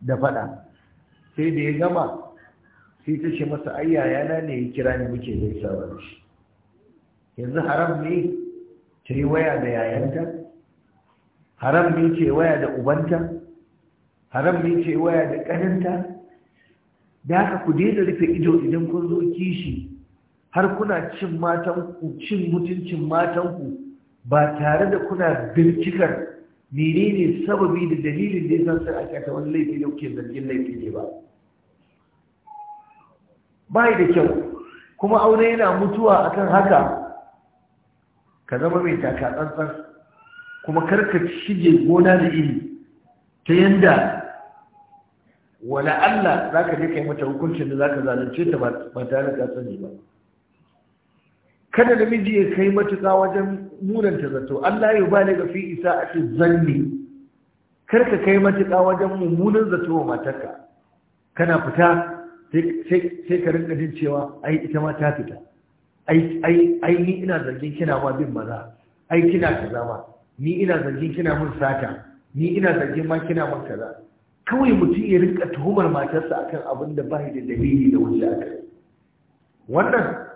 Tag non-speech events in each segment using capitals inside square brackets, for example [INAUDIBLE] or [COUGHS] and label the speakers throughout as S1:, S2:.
S1: da faɗa sai da ya gama sai ta ce masa ai ne ya kira ni muke zai da shi yanzu haram ne ta yi waya da yayanta haram ne ce waya da ubanta haram ne ce waya da ƙaninta da haka ku daina rufe ido idan kun zo kishi har kuna cin matanku cin mutuncin matanku ba tare da kuna bincikar ne sababi da dalilin da yasa sai aka ta wani laifi da kuke zargin laifi ne ba bai da kyau kuma aure yana mutuwa akan haka ka zama mai taka tsantsan kuma karka shige gona da iri ta yanda wala Allah zaka je kai mata hukuncin da zaka zalunce ta ba tare da sani ba kada namiji ya kai matuƙa wajen munanta zato Allah ya bani ga fi isa a ce zanni kar ka kai matuƙa wajen mummunan zato wa matarka kana fita sai ka rinka jin cewa ai ita ma ta fita ai ni ina zargin kina ma bin maza ai kina kaza ma ni ina zargin kina mun sata ni ina zargin ma kina mun kaza kawai mutum ya rinka tuhumar matarsa akan abin da bai da dalili da wuce akai wannan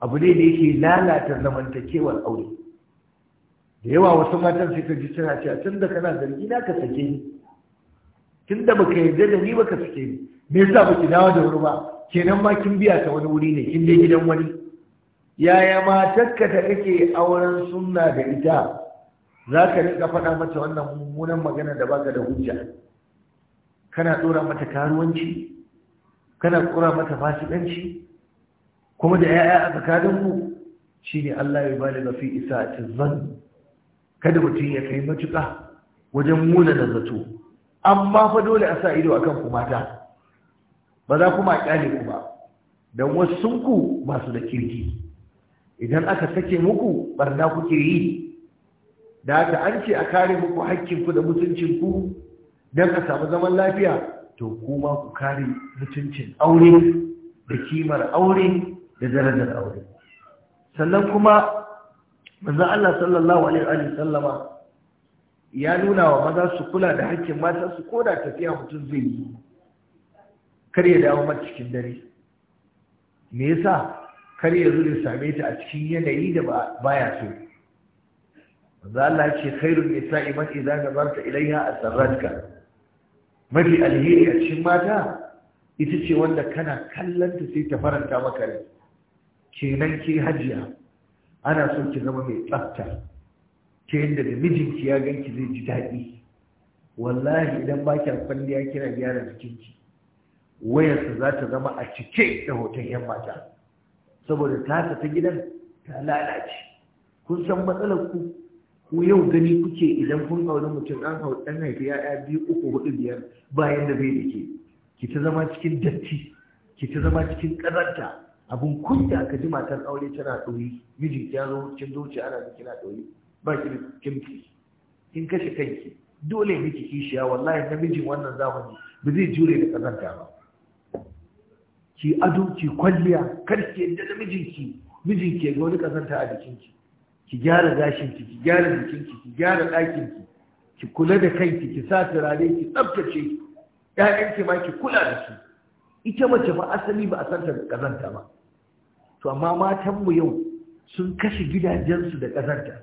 S1: abu ne da yake lalata zamantakewar aure da yawa wasu matan sai ka ji suna cewa tun da kana zargi na ka sake ni tun da baka yarda da ni baka sake ni me yasa baki dawo da wuri ba kenan ma kin biya ta wani wuri ne kin dai gidan wani yaya matarka da kake auren sunna da ita za ka rika faɗa mata wannan mummunan magana da baka da hujja kana ɗora mata karuwanci kana ƙura mata fasikanci kuma da ‘ya'ya a tsakaninku shi ne Allah ya bani mafi isa a cizan kada mutum ya kai matuƙa wajen muna da zato amma fa dole a sa ido akan ku mata ba za kuma a ƙyale ku ba don wasu ku masu da kirki idan aka sake muku barna kuke yi da aka an ce a kare muku hakkinku da mutuncinku don a samu zaman lafiya to kuma ku kare mutuncin aure da kimar aure da darajar aure sannan kuma manzo Allah sallallahu alaihi wa sallama ya nuna wa maza su kula da hakkin mata su koda tafiya mutum zai yi kar ya dawo mata cikin dare me yasa kar ya zo ya same ta a cikin yanayi da baya so manzo Allah ya ce khairun nisa'i man idza nazarta ilayha asarratka mafi alheri a cikin mata ita ce wanda kana kallon sai ta faranta maka rai kenan ke hajiya ana so ki zama mai tsafta ta yadda da mijinki ya ki zai ji daɗi wallahi idan ba kya ya kina gyara jikinki wayarsa za ta zama a cike da hoton 'yan mata saboda tasa ta gidan ta lalace kun san matsalar ku ku yau gani kuke idan kun auri mutum an hau dan haifi ya'ya biyu uku hudu biyar bayan da zai da ki ta zama cikin datti ki ta zama cikin ƙazanta abun kunya ka ji matar aure tana ɗoyi miji ya zo cin zuciya ana miki na ɗoyi ba ki kimki kin kashe kanki dole miki kishiya wallahi namijin wannan zamani ba zai jure da kazanta ba ki ado ki kwalliya kar ki yadda da mijinki mijinki ya ga wani kazanta a jikinki ki gyara gashinki ki gyara jikinki ki gyara ɗakinki ki kula da kanki ki sa turare ki tsaftace ƴaƴanki ma ki kula da su ita mace ba asali ba a san ta kazanta ba to amma matanmu yau sun kashe gidajensu da ƙazanta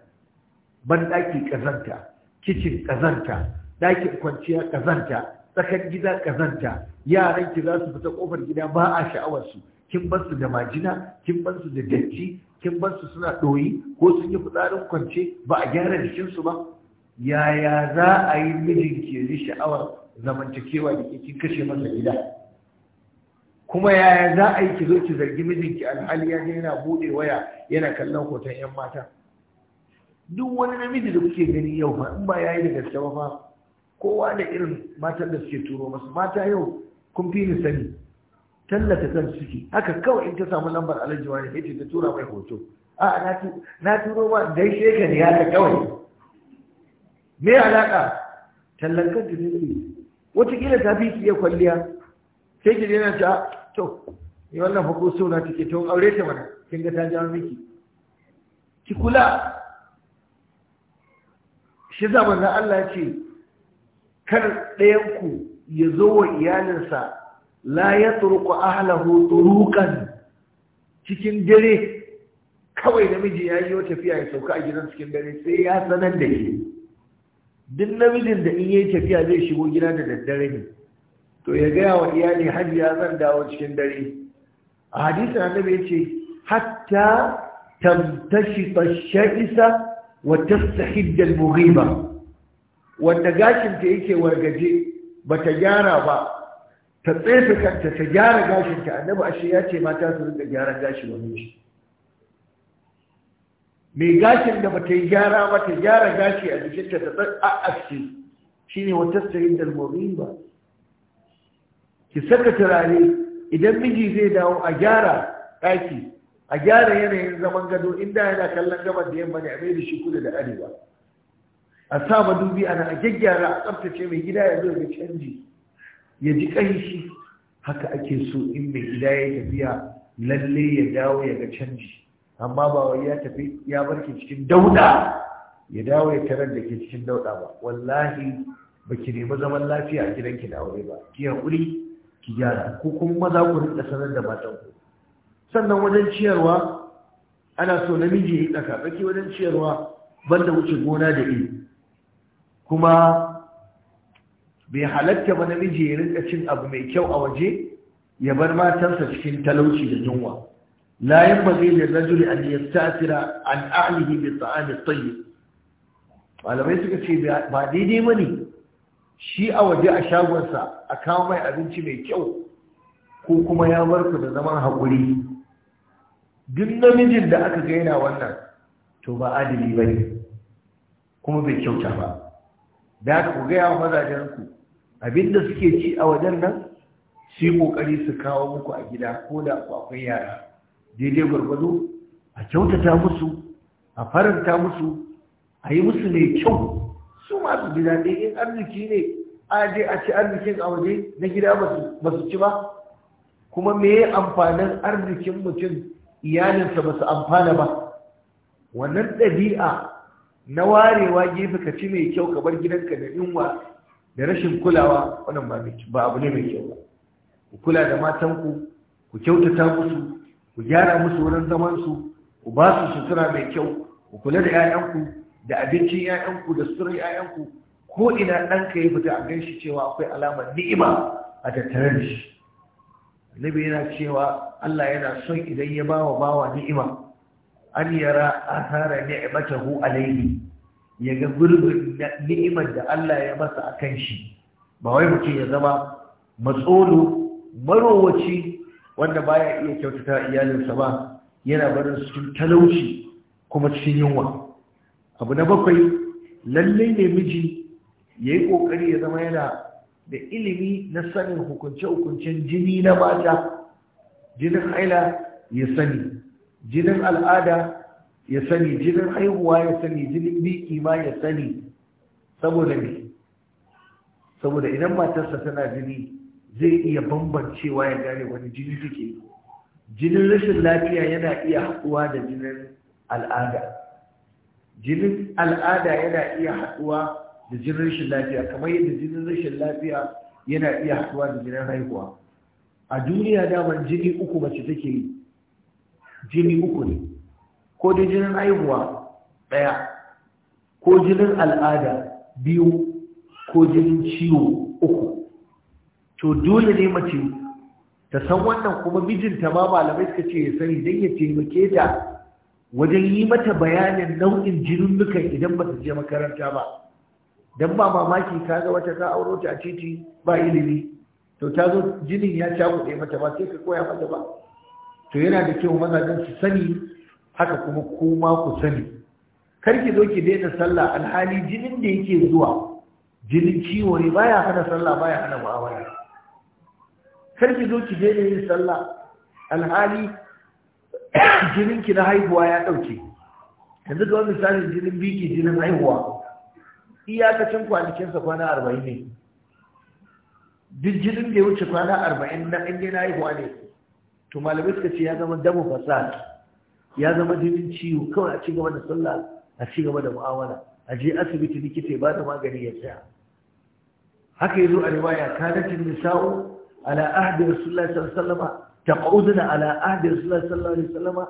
S1: banɗaki ƙazanta kicin ƙazanta ɗakin kwanciya ƙazanta tsakar gida ƙazanta yaran ki za su fita ƙofar gida ba a sha'awarsu kin bar su da majina kin bar su da datti kin bar su suna ɗoyi ko sun yi fitsarin kwance ba a gyara jikin su ba yaya za a yi mijinki ya sha'awar zamantakewa da ke kin kashe masa gida kuma yaya za a yi ki zo ki zargi mijinki alhali ya yana bude waya yana kallon hoton yan mata duk wani namiji da kuke gani yau ba in ba yayi da gaske ba kowa da irin matan da suke turo masu mata yau kun fi ni sani tallata kan suke haka kawai in ta samu lambar alhaji wani ta tura mai hoto a na turo ba gaishe ka ne haka kawai me alaka tallan kanta ne wataƙila ta fi ki iya kwalliya sai ki dena ta to ni wannan fa ko suna take to aure ta mana kin ga ta jawo miki ki kula shi da da Allah ce kar ɗayan ku ya zo wa iyalinsa la ya turku ahlahu turukan cikin dare kawai namiji ya yi tafiya ya sauka a gidan cikin dare sai ya sanar da shi duk namijin da in yi tafiya zai shigo gida da daddare ne to ya gaya wa iyali hajji ya zan dawo cikin dare a hadisin annabi ya ce hatta tamtashita sha'isa wata tastahidda buhi ba wanda gashinta yake wargaje ba ta gyara ba ta tsefe kanta ta gyara gashinta. annabi ashe ya ce mata su rinka gyara gashi wani shi mai gashin da bata yi gyara ba ta gyara gashi a jikinta ta tsan a shi shine wata tastahidda buhi ba ki saka turare idan miji zai dawo a gyara ɗaki a gyara yanayin zaman gado inda yana kallon gabar da yamma ne a da shi kudu da arewa a sa madubi ana a gyaggyara a tsaftace mai gida ya zo da canji ya ji ƙanshi haka ake so in mai gida ya tafiya lalle ya dawo ya ga canji amma ba wai ya tafi ya barke cikin dauda ya dawo ya tarar da ke cikin dauda ba wallahi baki nemi zaman lafiya a gidanki da aure ba ki haƙuri ki gyara ko kuma maza ku rinka sanar da matan ku sannan wajen ciyarwa ana so namiji ya tsaka tsaki wajen ciyarwa banda wuce gona da iri kuma bai halatta ba namiji ya rinka cin abu mai kyau a waje ya bar matansa cikin talauci da yunwa la yanbaghi lirrajuli an yasta'thira an a'lihi bi ta'ami tayyib malamai suka ce ba daidai bane shi a waje a shagonsa a kawo mai abinci mai kyau ko kuma ya barku da zaman haƙuri duk namijin da aka gaina wannan to ba adali ba ne kuma bai kyauta ba da aka ku gaya wa mazajenku abinda suke ci a wajen nan su ƙoƙari su kawo muku a gida ko da akwai yara daidai gwargwado a kyautata musu a faranta musu a yi musu mai kyau su masu gida ne in arziki ne a je a ci arzikin a waje na gida ba su ci ba kuma me amfanin arzikin mutum iyalinsa ba su amfana ba wannan ɗabi'a na warewa gefe ka ci mai kyau kamar bar gidanka da inwa da rashin kulawa wannan ba abu ne mai kyau ba ku kula da matanku ku kyautata musu ku gyara musu wurin zamansu ku ba su sutura mai kyau ku kula da 'ya'yanku da abincin 'ya'yanku da surar 'ya'yanku ko ina ɗanka ya fita a gan shi cewa akwai alamar ni'ima a tattare da shi nabi yana cewa Allah yana son idan ya bawa bawa ni'ima an yara asara ni'matahu alayhi ya ga gurbin ni'imar da Allah ya masa a kan shi ba wai mutum ya zama matsolo marowaci wanda baya iya kyautata iyalinsa ba yana barin cikin talauci kuma cikin yunwa abu na bakwai lalle ne miji ya yi ƙoƙari ya zama yana da ilimi na sanin hukunce-hukuncen jini na mata jinin haila ya sani jinin al'ada ya sani jinin haihuwa ya sani jinin biki ma ya sani saboda ne saboda idan matarsa tana jini zai iya bambancewa ya gane wani jini suke. jinin rashin lafiya yana iya haɗuwa da jinin al'ada jinin al'ada yana iya haɗuwa da jinin rashin lafiya kamar yadda jinin rashin lafiya yana iya haɗuwa da jinin haihuwa a duniya daman jini uku mace take yi jini uku ne ko da jinin haihuwa ɗaya ko jinin al'ada biyu ko jinin ciwo uku to dole ne mace ta san wannan kuma mijinta ma malamai suka ce ya sani don ya taimake ta wajen yi mata bayanin nau'in jinin idan ba su je makaranta ba don ba mamaki ka ga wata ka auro ta titi ba ilimi to ta zo jinin ya cakuɗe mata ba sai ka koya mata ba to yana da kyau mazajen su sani haka kuma kuma ku sani kar ki zo ki daina sallah alhali jinin da yake zuwa jinin ciwo ne baya hana sallah baya hana mu'amala kar ki zo ki daina yin sallah alhali [COUGHS] jininki na haihuwa ya ɗauke yanzu ga wani misalin jinin biki jinin haihuwa iyakacin kwanakinsa kwana arba'in ne duk jinin da ya wuce kwana arba'in na ɗanye na haihuwa ne to malamai suka ce ya zama damu fasad ya zama jinin ciwo kawai a cigaba da sallah a cigaba da mu'amala a je asibiti likita ya bada magani ya tsaya haka yazo a riwaya kanatin nisa'u ala ahdi rasulullahi sallallahu alaihi wasallam taquduna ala ahdi rasulullahi sallallahu alaihi wasallama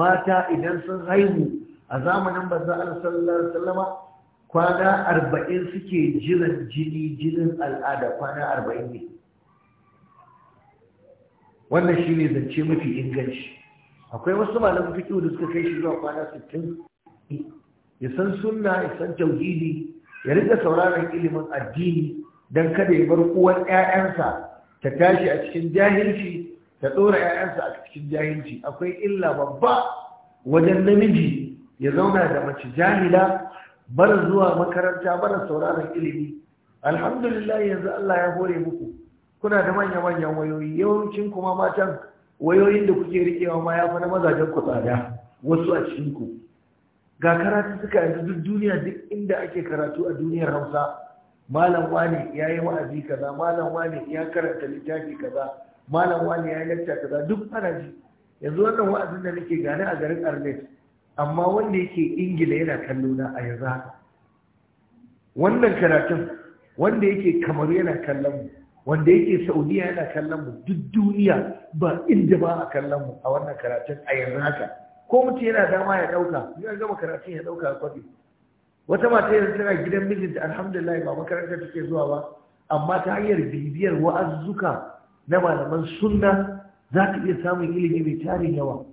S1: mata idan sun haihu a zamanin manzon Allah sallallahu alaihi wasallama kwana arba'in suke jiran jini jinin al'ada kwana arba'in ne wannan shi ne zance mafi inganci akwai wasu malamin fiƙi da suka kai shi zuwa kwana sittin ya san sunna ya san tauhidi ya rika sauraron ilimin addini don kada ya bar uwar 'ya'yansa ta tashi a cikin jahilci ta ɗora 'ya'yansa a cikin jahilci akwai illa babba wajen namiji ya zauna da mace jahila bar zuwa makaranta bar sauraron ilimi alhamdulillah yanzu Allah ya hore muku kuna da manya-manyan wayoyi yawancin kuma matan wayoyin da kuke rikewa ma ya fi mazajen ku tsada wasu a cikin ku ga karatu suka yanzu duk duniya duk inda ake karatu a duniyar Hausa malam wani ya yi wa'azi kaza malam wani ya karanta littafi kaza malam wani ya yi lecture kaza duk ana ji yanzu wannan wa'azin da nake gane a garin arnet amma wanda yake ingila yana kallo na a yanzu haka wannan karatun wanda yake kamar yana kallon mu wanda yake saudiya yana kallon mu duk duniya ba inda ba a kallon mu a wannan karatun a yanzu haka ko mutum yana dama ya dauka ya gama karatun ya dauka a kwafi wata mata yanzu tana gidan mijinta alhamdulillah ba makaranta take zuwa ba amma ta hanyar bibiyar wa'azzuka na malaman sunna za ka iya samun ilimi mai tarin yawa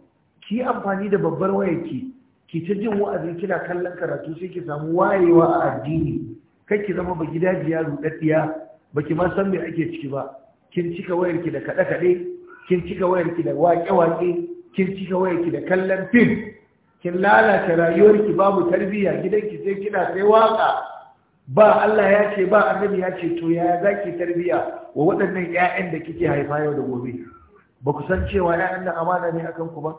S1: ki amfani da babbar wayarki ki ta jin wa'azin kina kallon karatu sai ki samu wayewa a addini kai ki zama ba yaro rudaddiya ba ki ma san me ake ciki ba kin cika wayarki da kaɗe kaɗe kin cika wayarki da waƙe waƙe kin cika wayarki da kallon fim kin lalata rayuwarki babu tarbiyya gidanki sai kina sai waka ba Allah ya ce ba annabi ya ce to ya zaki tarbiya wa waɗannan ƴaƴan da kike haifa yau da gobe ba ku san cewa ƴaƴan nan amana ne akan ku ba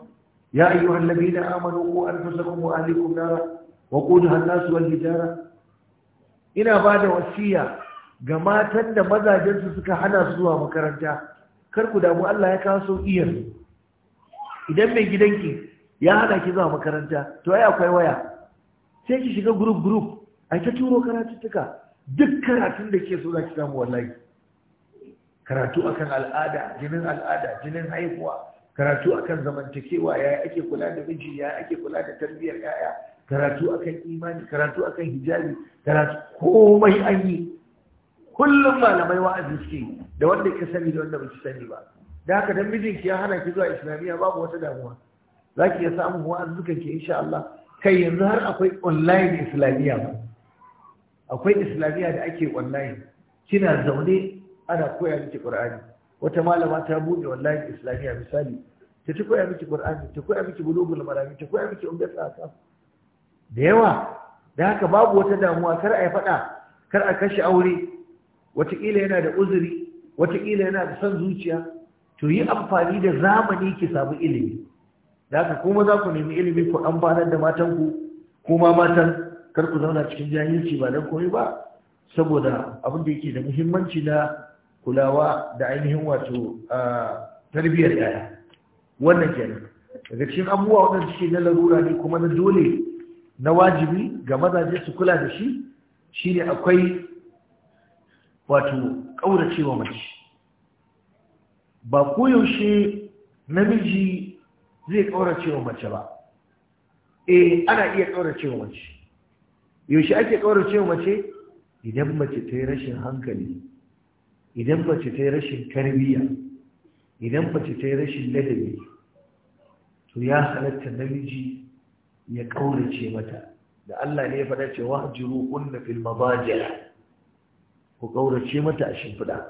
S1: ya na ladina amanu an anfusakum wa ahlikum nara wa qudha an-nas wal hijara ina ba da wasiya ga matan da mazajensu suka hana su zuwa makaranta kar ku damu Allah ya kawo sau iya idan mai gidanki ya hana ki zuwa makaranta to ai akwai waya sai ki shiga group group ai ta turo karatuttuka duk karatun da ke so za ki samu wallahi karatu akan al'ada jinin al'ada jinin haihuwa karatu akan zamantakewa ya ake kula da miji ya ake kula da tarbiyyar yaya karatu akan imani karatu akan hijabi karatu komai an yi kullum malamai wa'azi suke da wanda ka sani da wanda ba ki sani ba da haka dan mijinki ya hana ki zuwa islamiyya babu wata damuwa za ki iya samun wa'azukan ke insha Allah kai yanzu har akwai online islamiyya ba akwai islamiyya da ake online kina zaune ana koya miki qur'ani wata malama ta bude wallahi islamiyya misali ta ci koya miki qur'ani ta koya miki bulugul marami ta koya miki umdat aka da yawa da haka babu wata damuwa kar a faɗa kar a kashe aure kila yana da uzuri watakila yana da son zuciya to yi amfani da zamani ki samu ilimi da haka kuma za ku nemi ilimi ku amfanar da matanku kuma matan kar ku zauna cikin jahilci ba dan komai ba saboda abin da yake da muhimmanci na kulawa da ainihin wato tarbiyyar yaya wannan kenan daga cikin abubuwa waɗanda suke na larura ne kuma na dole na wajibi ga mazaje su kula da shi shine akwai wato ƙauracewa mace ba koyaushe namiji zai ƙauracewa mace ba eh ana iya ƙauracewa mace yaushe ake ƙaurace mace idan mace ta yi rashin hankali idan mace ta yi rashin tarbiyya idan mace ta yi rashin ladabi to ya halatta namiji ya ƙaurace mata da Allah ne ya faɗa ce wa jiru kunna fil mabajala ku ƙaurace mata a shimfiɗa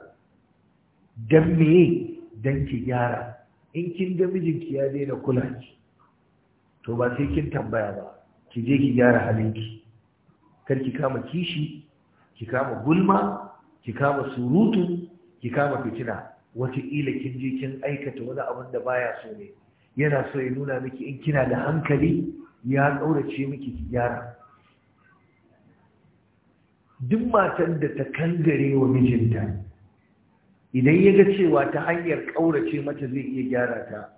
S1: dan meye dan ki gyara in kin ga mijinki ya daina kula ki to ba sai kin tambaya ba ki je ki gyara halin ki. ki kama kishi ki kama gulma ki kama surutu ki kama fitina ƙila kin je kin aikata wani abin da baya so ne yana so ya nuna miki in kina da hankali ya ƙaurace miki ki gyara duk matan da ta kangare wa mijinta idan ya ga cewa ta hanyar ƙaurace mata zai iya gyara ta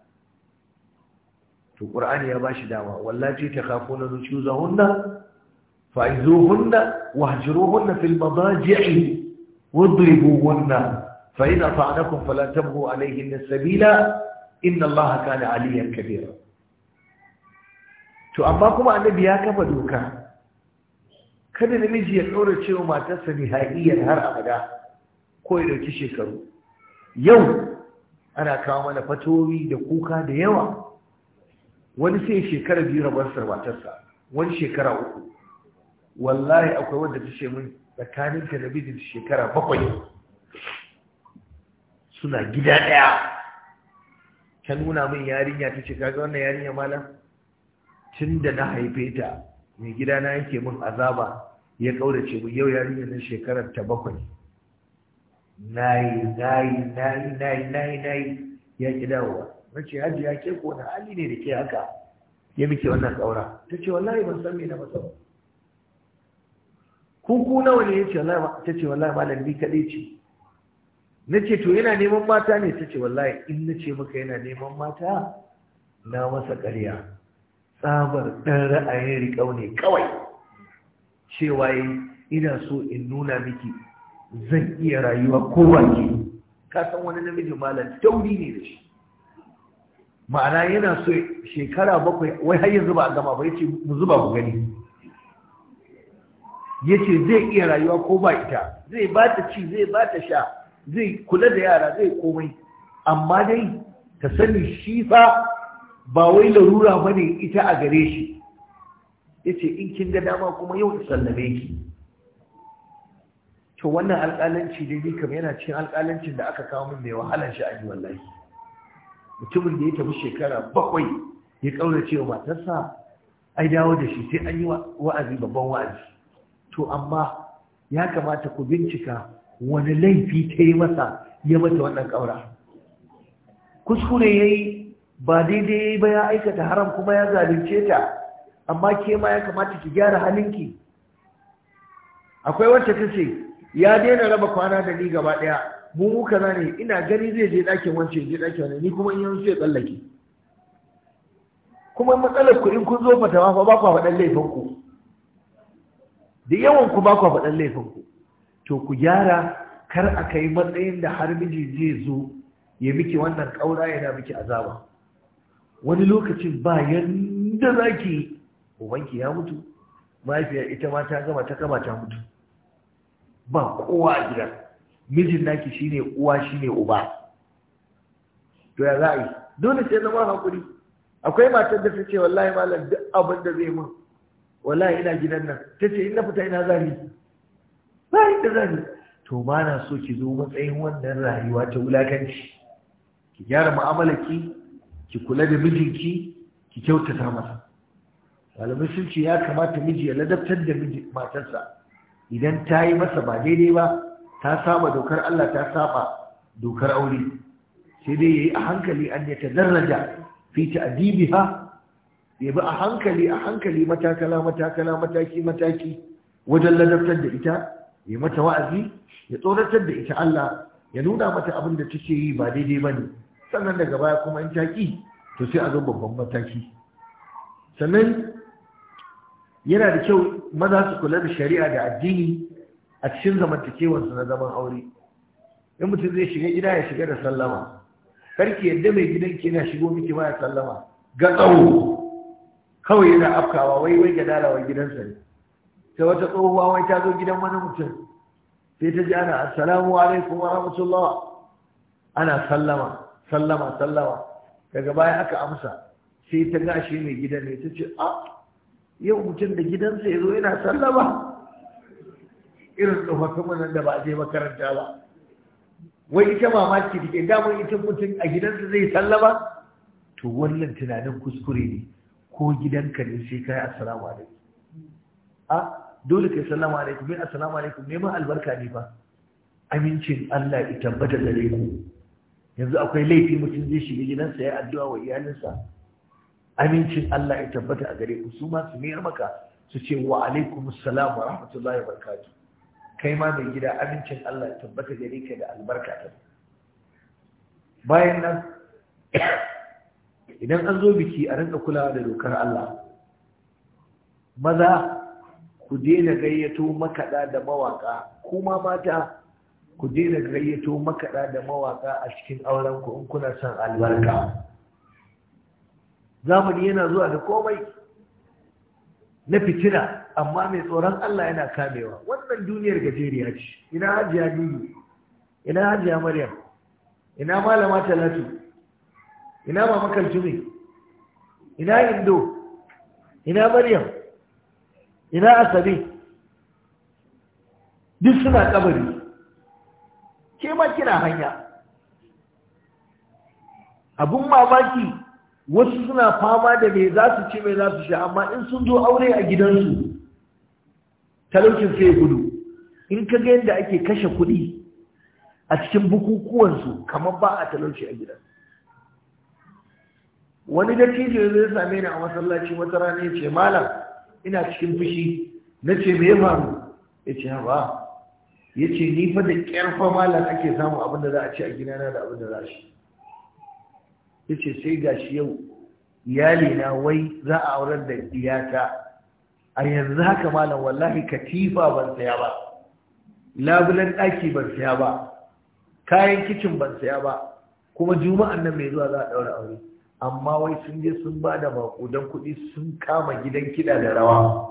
S1: to ƙur'ani ya bashi shi dama ce ta kafo na nucu zahunna فعزوهن واهجروهن في المضاجع واضربوهن فإن أطعنكم فلا تبغوا عليهن السبيل إن الله كان عليا كبيرا to amma kuma annabi ya kafa doka kada namiji ya ɗora cewa matarsa nihaiyar har abada ko ya ɗauki shekaru yau ana kawo mana fatowi da kuka da yawa wani sai shekara biyu rabarsa matarsa wani shekara uku wallahi akwai wanda ta ce min tsakanin ka da shekara bakwai suna gida ɗaya ta nuna min yarinya ta ce kaga wannan yarinya malam tun da na haife ta mai gida na yake min azaba ya kaurace mu yau yarinya na shekarar ta bakwai nayi nayi nayi nayi nayi nayi ya ki dawowa ce hajji ya ke ko na hali ne da ke haka ya muke wannan Ta ce, wallahi ban san me na masa ba kuku nawa ne yace wallahi ta ce wallahi malam ni kadai ce nace to yana neman mata ne ta ce wallahi in nace maka yana neman mata na masa ƙarya tsabar dan ra'ayin riƙau ne kawai cewa ina so in nuna miki zan iya rayuwa ko wake ka san wani namiji malam tauri ne da shi ma'ana yana so shekara bakwai wai har yanzu ba a gama ba yace mu zuba ku gani Yace zai iya rayuwa ko ba ita zai ba ta ci zai ba ta sha zai kula da yara zai komai amma dai ta sani shi fa ba wai larura ba ne ita a gare shi Yace in kin ga dama kuma yau sallame ki to wannan alƙalanci dai kam yana cikin alƙalancin da aka kawo min mai wahalar sha'ani wallahi mutumin da ya tafi shekara bakwai ya ƙaurace wa matarsa ai dawo da shi sai an yi wa'azi babban wa'azi to amma ya kamata ku bincika wani laifi ta yi masa ya mata wannan ƙaura kuskure ya yi ba daidai ya yi ba ya aikata haram kuma ya zalunce ta amma ke ma ya kamata ki gyara halinki akwai wacce ta ce ya daina raba kwana da ni gaba ɗaya mu muka ne ina gani zai je ɗakin wance je ɗakin wani ni kuma in yanzu ya tsallake kuma matsalar kuɗin kun zo fatawa fa ba ku faɗan laifin ku da yawan ku ba ku faɗan laifin ku to ku gyara kar a kai matsayin da har miji zai zo ya miki wannan ƙaura yana miki azaba wani lokacin ba yadda za ki ubanki ya mutu Mahaifiyar ita ma ta gama ta gama ta mutu ba kowa a gida mijin naki shine uwa shine uba to ya za a yi dole sai zama hakuri akwai matar da ta ce wallahi malam duk abin da zai mun wallahi ina gidan nan ta ce ina fita ina zari zari da zari to ba na so ki zo matsayin wannan rayuwa ta wulakanci ki gyara mu'amalarki ki kula da mijinki ki kyautata masa malamai sun ce ya kamata miji ya ladabtar da matarsa idan ta yi masa ba daidai ba ta saba dokar Allah ta saba dokar aure sai dai yayi a hankali an ya tadarraja fi ta'dibiha ya bi a hankali a hankali matakala matakala mataki mataki wajen ladabtar da ita ya mata wa'azi ya tsoratar da ita Allah ya nuna mata abin da take yi ba daidai ba ne sannan daga baya kuma in ta ki to sai a zo babban mataki sannan yana da kyau maza su kula da shari'a da addini a cikin zamantakewarsu na zaman aure in mutum zai shiga gida ya shiga da sallama karki yadda mai gidan ki yana shigo miki ba ya sallama ga tsawo kawai yana afkawa wai wai ga dalawa gidansa ne sai wata tsohuwa wai ta zo gidan wani mutum sai ta ji ana assalamu alaikum wa rahmatullah ana sallama sallama sallama daga baya aka amsa sai ta gashi mai gidan ne ta ce a ah, yau mutum da gidansa ya zo yana sallama irin tsofaffin wannan da ba a je makaranta ba wai ita mamaki da ke damar ita mutum a gidansa zai sallama to wannan tunanin kuskure ne ko gidanka ne sai kai assalamu alaikum a dole kai assalamu alaikum mai assalamu alaikum ne neman albarka ne ba amincin Allah ya tabbata gare ku yanzu akwai laifi mutum zai shiga gidansa ya addu'a wa iyalinsa amincin Allah ya tabbata a gare ku su ma su mayar maka su ce wa alaikum assalam wa rahmatullahi wa barakatuh kai ma mai gida amincin Allah ya tabbata gare ka da albarka ta bayan nan idan an zo biki a rinka kulawa da dokar Allah maza ku daina gayyato makaɗa da mawaƙa kuma mata ku daina gayyato makaɗa da mawaƙa a cikin auren ku, in kuna son albarka zamani yana zuwa da komai na fitina amma mai tsoron Allah yana kamewa wannan duniyar gajeriya ce ina hajiya dudu ina hajiya maryam ina malama talatu ina mamakar ne? ina indo ina maryam ina asabe duk suna kabari ke ma kina hanya abun mamaki wasu suna fama da me za su ci mai za su sha amma in sun zo aure a gidansu talaucin sai gudu in ka ga yadda ake kashe kuɗi a cikin bukukuwansu kamar ba a talauci a gidansu wani dattijo zai same ni a masallaci wata rana ya ce malam ina cikin fushi na ce me faru ya ce ba ya ce ni fa da ƙyarfa malam ake samun abin da za a ci a na da abin da za shi ya ce sai gashi yau na, wai za a aurar da iyata a yanzu haka malam wallahi katifa ban saya ba labulan ɗaki ban saya ba kayan kicin ban saya ba kuma juma'an nan mai zuwa za a ɗaura aure amma wai sun je sun ba da makudan kuɗi sun kama gidan kiɗa da rawa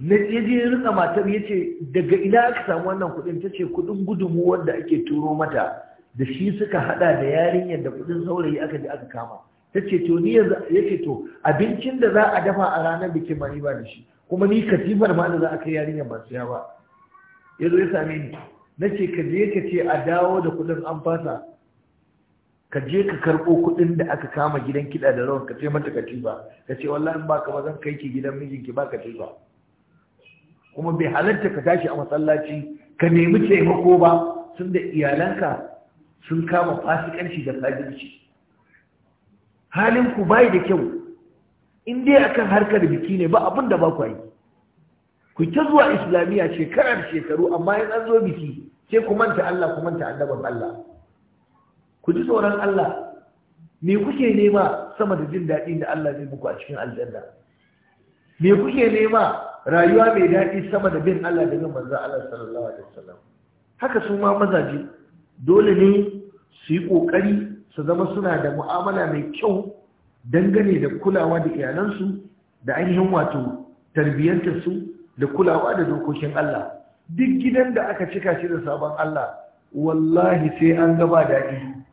S1: na je ya rika matar ya ce daga ina aka samu wannan kuɗin ta ce kuɗin gudunmu wanda ake turo mata da shi suka haɗa da yarinyar da kuɗin saurayi aka je aka kama ta ce to ni ya ce to abincin da za a dafa a ranar bikin ma ni ba da shi kuma ni katifar ma da za a kai yarinyar ba su ya ba ya zo ya same ni na ce ka je ka ce a dawo da kuɗin an fasa ka je ka karɓo kuɗin da aka kama gidan kiɗa da rawan ka ce mata katifa ka ce wallahi in ka ba zan kai ki gidan mijinki ba katifa kuma bai halarta ka tashi a masallaci ka nemi taimako ba tun da iyalanka sun kama fasikanci da fajirci Halinku ku bai da kyau in dai akan harkar biki ne ba abin da ba ku yi ku ta zuwa islamiyya shekarar shekaru amma in an zo biki sai ku manta Allah ku manta annaban Allah ku ji tsoron Allah me kuke nema sama da jin daɗi da Allah zai muku a cikin aljanna me kuke nema rayuwa mai daɗi sama da bin Allah da bin manzo Allah sallallahu alaihi wasallam haka su ma mazaje dole ne su yi kokari su zama suna da mu'amala mai kyau dangane da kulawa da iyalansu da ainihin wato tarbiyyantar su da kulawa da dokokin Allah duk gidan da aka cika shi da sabon Allah wallahi sai an gaba daɗi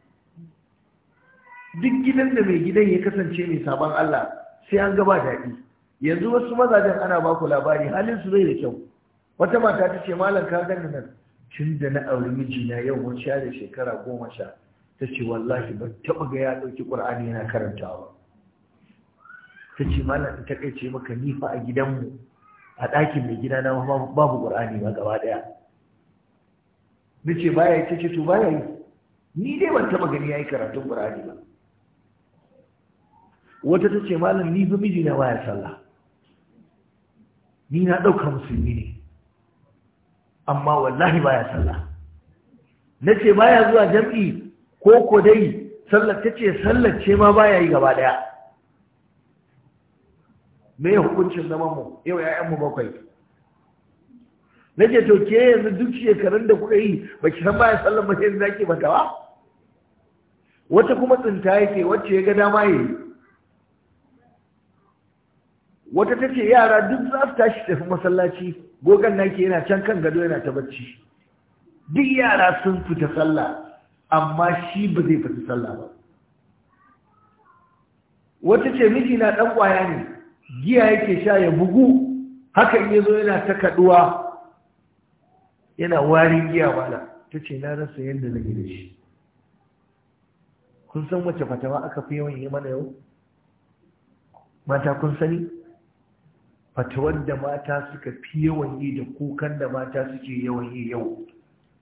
S1: duk gidan da mai gidan ya kasance mai sabon Allah sai an gaba daɗi yanzu wasu mazajen ana baku labari halin su zai da kyau wata mata ta ce malam ka gani nan tun da na auri mijina yau mun sha da shekara goma sha ta ce wallahi ban taɓa ga ya ɗauki ƙur'ani yana karantawa ta ce malam ta kai ce maka nifa a gidanmu a ɗakin mai gida na babu ƙur'ani ba gaba ɗaya na ce baya ta ce to baya yi ni dai ban taɓa gani ya yi karatun ƙur'ani ba wata ta ce malam ni fi miji na baya sallah ni na ɗauka musulmi ne amma wallahi baya sallah na ce baya zuwa jam'i ko ko dai sallar ta ce sallar ce ma baya yi gaba daya me hukuncin zaman mu yau mu bakwai na ce to ke yanzu duk shekarun da kuka yi ba ki san baya sallar ba sai zaki bata ba wata kuma tsinta yake wacce ya ga dama yi wata ta ce yara duk za su tashi tafi masallaci gogon naki yana can kan gado yana ta bacci duk yara sun fita sallah amma shi ba zai fita sallah ba wata ce miji na dan kwaya ne giya yake sha ya bugu haka in yazo yana ta kaduwa yana warin giya wala ce na rasa yadda na gida shi kun san wace fatawa aka fi yawan yi mana yau mata kun sani fatawan da mata suka fi yawan yi da kukan da mata suke yawan yi yau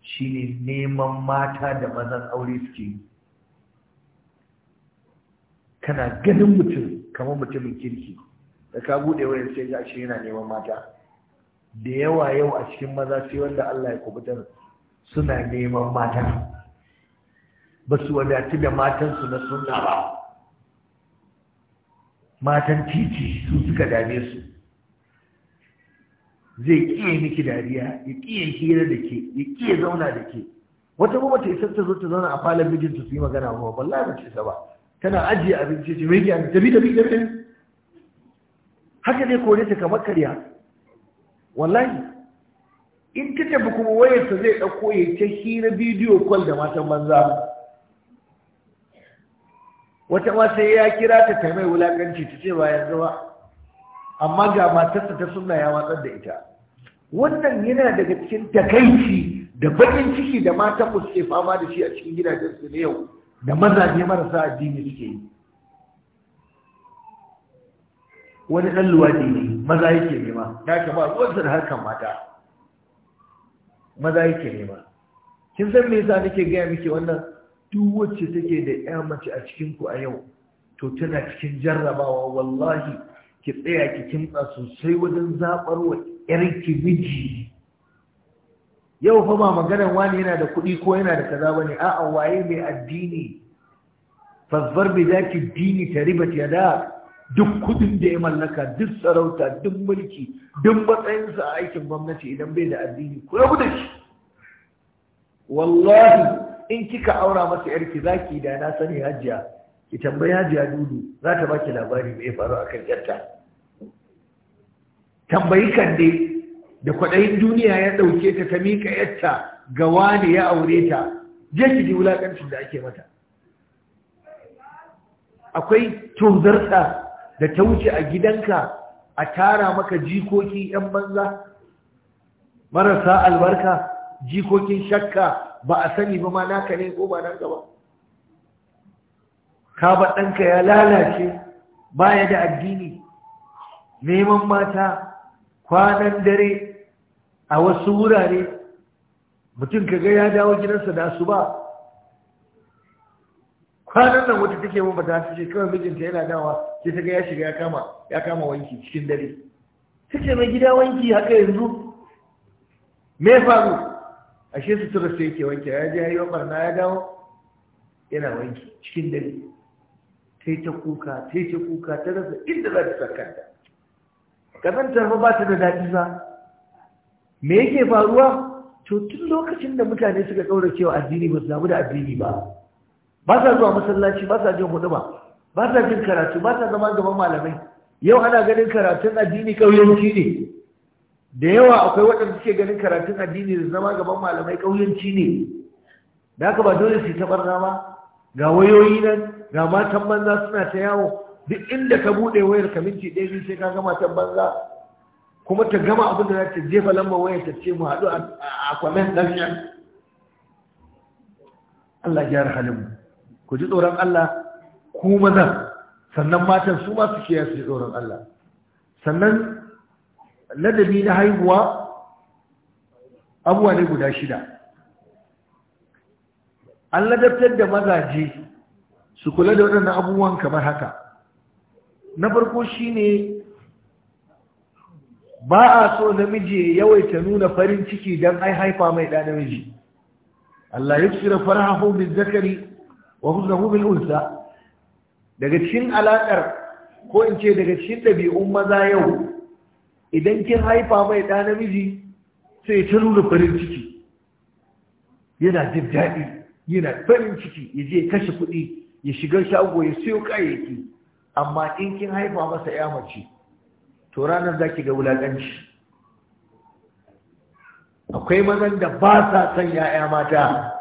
S1: shine neman mata da mazan aure suke yi kana ganin mutum kamar mutumin kirki da ka bude wayar sai ga shi yana neman mata da yawa yau a cikin maza sai wanda Allah ya kubutar suna neman mata ba su wadatu da matansu na sunna ba matan titi su suka dame su zai kiye miki dariya ya kiye hira da ke ya kiye zauna da ke wata kuma ta isar ta zo ta zauna a falon mijinta su yi magana ba wallahi ba ce ba tana ajiye abinci ce mai gyan tabi tabi tabi haka dai kore ta kamar karya wallahi in ta tafi kuma ta zai ɗauko ya ta hira bidiyo kwal da matan banza wata ma sai ya kira ta ta mai wulakanci ta ce ba yanzu ba amma ga matarsa ta suna ya watsar da ita wannan yana daga cikin takaici da bakin ciki da mata ku suke fama da shi a cikin gidajen su na yau da mazaje marasa addini suke yi wani ɗan luwaɗi ne maza yake nema ya ke ba ruwansa da harkar mata maza yake nema kin san me yasa nake gaya miki wannan duk wacce take da ƴa mace a cikin ku a yau to tana cikin jarrabawa wallahi ki tsaya ki kimtsa sosai wajen zaɓar wa ƴarki miji yau fa ba maganar wani yana da kuɗi ko yana da kaza bane a'a waye mai addini fasbar bi zaki dini ta riba ta da duk kuɗin da ya mallaka duk sarauta duk mulki duk matsayinsa a aikin gwamnati idan bai da addini ku rabu da shi wallahi in kika aura masa yarki zaki da na sani hajiya ki tambayi hajiya dudu za ta baki labari mai faru kan yarta tambayi kande da kwaɗayin duniya ya ɗauke ta ta miƙa yatta ga wani ya aure ta je ki ji wulaƙancin da ake mata akwai tozarta da ta wuce a gidanka a tara maka jikoki 'yan banza marasa albarka jikokin shakka ba a sani ba ma naka ne ko ba nan gaba ka ba ɗanka ya lalace baya da addini neman mata kwanan dare a wasu wurare mutum kaga ya dawo gidansa da su ba. kwanan nan wata take mun bata ta ce kawai mijinta yana dawa sai ta ga ya shiga ya kama ya kama wanki cikin dare take mai gida wanki haka yanzu me faru ashe su sai yake wanki ya je yayi barna ya dawo yana wanki cikin dare sai ta kuka sai ta kuka ta rasa inda za ta saka ƙazantar ba ta da daɗi ba me yake faruwa to tun lokacin da mutane suka ƙaura cewa addini ba su damu da addini ba ba sa zuwa masallaci ba sa jin hudu ba Ba sa jin karatu ba sa zama gaban malamai yau ana ganin karatun addini ƙauyenci ne da yawa akwai waɗanda suke ganin karatun addini da zama gaban malamai ƙauyenci ne da haka ba dole su ta ba ga wayoyi nan ga matan banza suna ta yawo duk inda ka bude wayar ka minti ɗaya biyu sai ka gama ta banza kuma ta gama abin da za ta jefa lambar wayar ta ce mu haɗu a kwamen ɗarshen Allah gyara halin mu ku ji tsoron Allah ku maza sannan matan su ma su kiyaye su ji tsoron Allah sannan ladabi na haihuwa abuwa ne guda shida an ladabtar da mazaje su kula da waɗannan abubuwan kamar haka na farko shine ba a so namiji ya yawaita nuna farin ciki don ai haifa mai ɗa namiji Allah ya tsira farha bil zakari wa huzahu bil ulsa. daga cikin alaƙar ko in ce daga cikin ɗabi'un maza yau idan kin haifa mai ɗa namiji sai ta nuna farin ciki yana jin daɗi yana farin ciki ya je kashe kuɗi ya shiga shago ya siyo kayayyaki amma in kin haifa masa ya mace to ranar zaki ga wulakanci akwai mazan da ba sa son ya'ya mata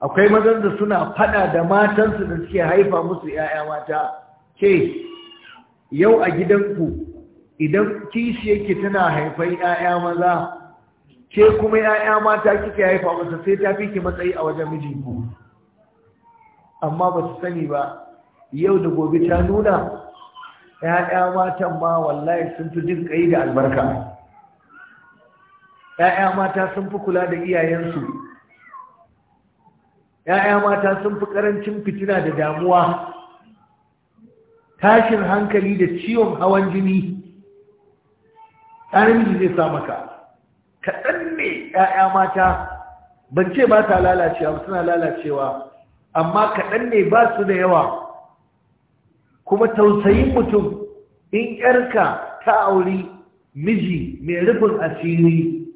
S1: akwai mazan da suna fada da matansu da suke haifa musu ya'ya mata ke yau a gidanku idan kishiyarki tana haifai ya'ya maza ke kuma ya'ya mata kika haifa masa sai ta fi ki matsayi a wajen mijinku amma ba su sani ba yau da gobe ta nuna ‘ya'ya matan ma wallahi sun fi jin ƙai da albarka ‘ya'ya mata sun fi kula da iyayensu ‘ya'ya mata sun fi ƙarancin fitina da damuwa tashin hankali da ciwon hawan jini jini zai sa maka kaɗan ne ‘ya'ya mata ban ce ba ta lalacewa suna lalacewa amma kaɗan ne ba su da yawa kuma tausayin mutum in yarka ta auri miji mai rufin asiri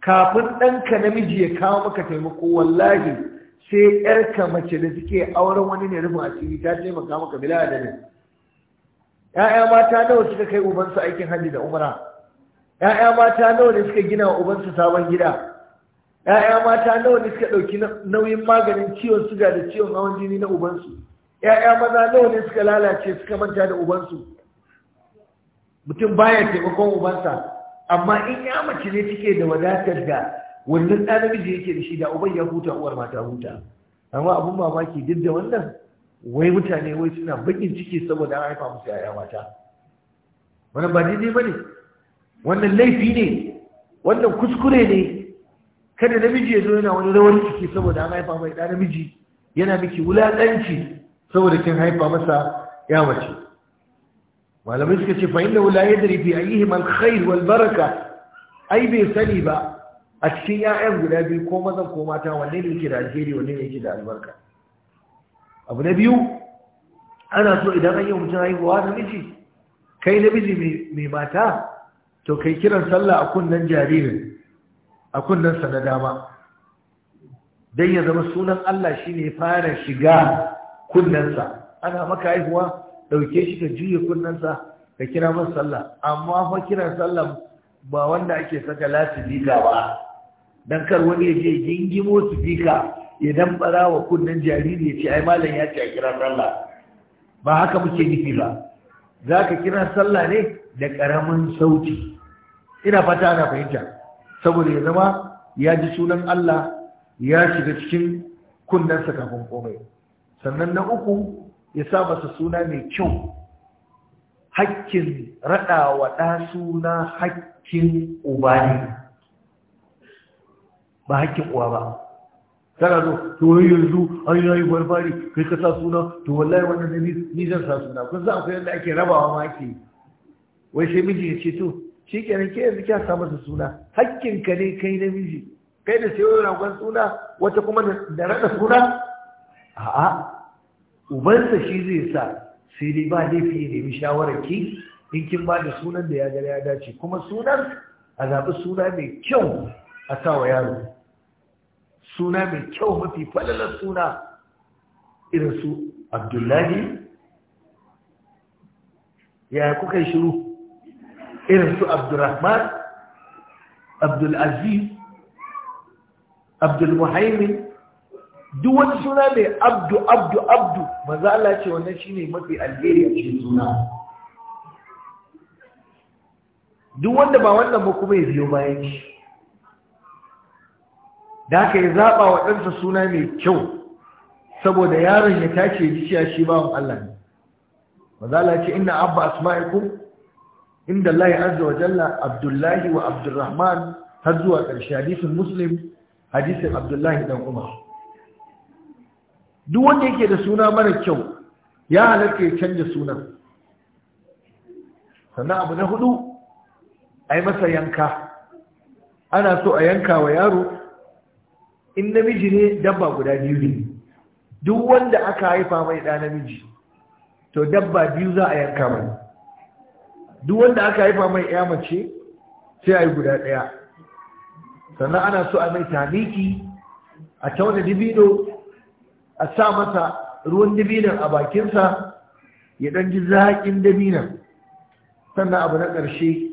S1: kafin ɗanka namiji ya kawo maka taimako wallahi sai yarka mace da suke auren wani ne rufin asiri ta taimaka maka bila ne ‘ya'ya mata nawa suka kai ubansu aikin hajji da umara ‘ya'ya mata nawa ne suka gina wa ubansu sabon gida ‘ya'ya mata nawa ne suka ɗauki nauyin maganin ciwon suga da ciwon hawan jini na ubansu ya'ya maza nawa ne suka lalace suka manta da ubansu mutum baya taimakon ubansa amma in ya mace ne take da wadatar da wannan ɗan namiji yake da shi da uban ya huta uwar mata huta amma abun mamaki duk da wannan wai mutane wai suna bakin ciki saboda an haifa musu yaya mata wannan ba daidai ba ne wannan laifi ne wannan kuskure ne kada namiji ya zo yana wani rawar ciki saboda an haifa mai ɗan namiji yana miki wulaƙanci saboda kin haifa masa ya mace malamai suka ce fa da la da rifi ayyihim alkhair wal baraka ai bai sani ba a cikin 'ya'yan guda biyu ko mazan ko mata wanne ne yake da alheri wanne ne yake da albarka abu na biyu ana so idan an yi mutum haihuwa miji, kai na miji mai mata to kai kiran sallah a kunnen jaririn a kunnen sa na dama don ya zama sunan Allah shi ne fara shiga Kunnansa, ana maka haihuwa ɗauke shi ka juye kunnansa ka kira masa sallah amma fa kiran sallah ba wanda ake saka lasifika ba dan kar wani ya je gingimo sifika idan bara wa kunnen jariri ya ce ai malam ya ce a kira sallah ba haka muke nufi ba za ka kira sallah ne da karamin sauti ina fata ana fahimta saboda ya zama ya ji sunan Allah ya shiga cikin kunnansa kafin komai sannan na uku ya sa masa suna mai kyau hakkin raɗa wa ɗa suna hakkin uba ne ba hakkin uwa ba tana zo to yi yanzu an yi rayu barbari kai ka sa suna to wallahi wannan ne ni zan sa suna kun za akwai yadda ake rabawa ma ake wai sai miji ya ce to shi kenan ke yanzu kya samar da suna hakkin ka ne kai namiji kai da sai wani ragon suna wata kuma da raɗa suna a'a ubansa shi zai sa sai dai ba laifi ya nemi shawarar ki in kin ba da sunan da ya gari ya dace kuma sunan a zaɓi suna mai kyau a sawa yaro suna mai kyau mafi falalar suna irin su abdullahi ya kuka yi shiru irin su abdurrahman abdulaziz abdulmuhaimin duk wani suna mai abdu abdu abdu maza Allah ce wannan shine mafi alheri a cikin suna duk wanda ba wannan ba kuma ya biyo bayan shi da haka ya zaɓa wa ɗansa suna mai kyau saboda yaron ya tace jiciya shi bawan Allah ne maza Allah ce inna abba asma'ikum inda Allah azza wa jalla Abdullahi wa Abdurrahman har zuwa ƙarshe hadisin Muslim hadisin Abdullahi dan Umar duk wanda yake da suna mara kyau ya halarta ya canja sunan sannan abu na hudu a yi masa yanka ana so a yanka wa yaro in namiji ne dabba guda biyu ne duk wanda aka haifa mai ɗa namiji to dabba biyu za a yanka mai duk wanda aka haifa mai ya mace sai a yi guda ɗaya sannan ana so a mai taniki a tauna dibido. a sa masa ruwan dabinan a bakinsa ya ɗan ji zaƙin dabinan sannan abu na ƙarshe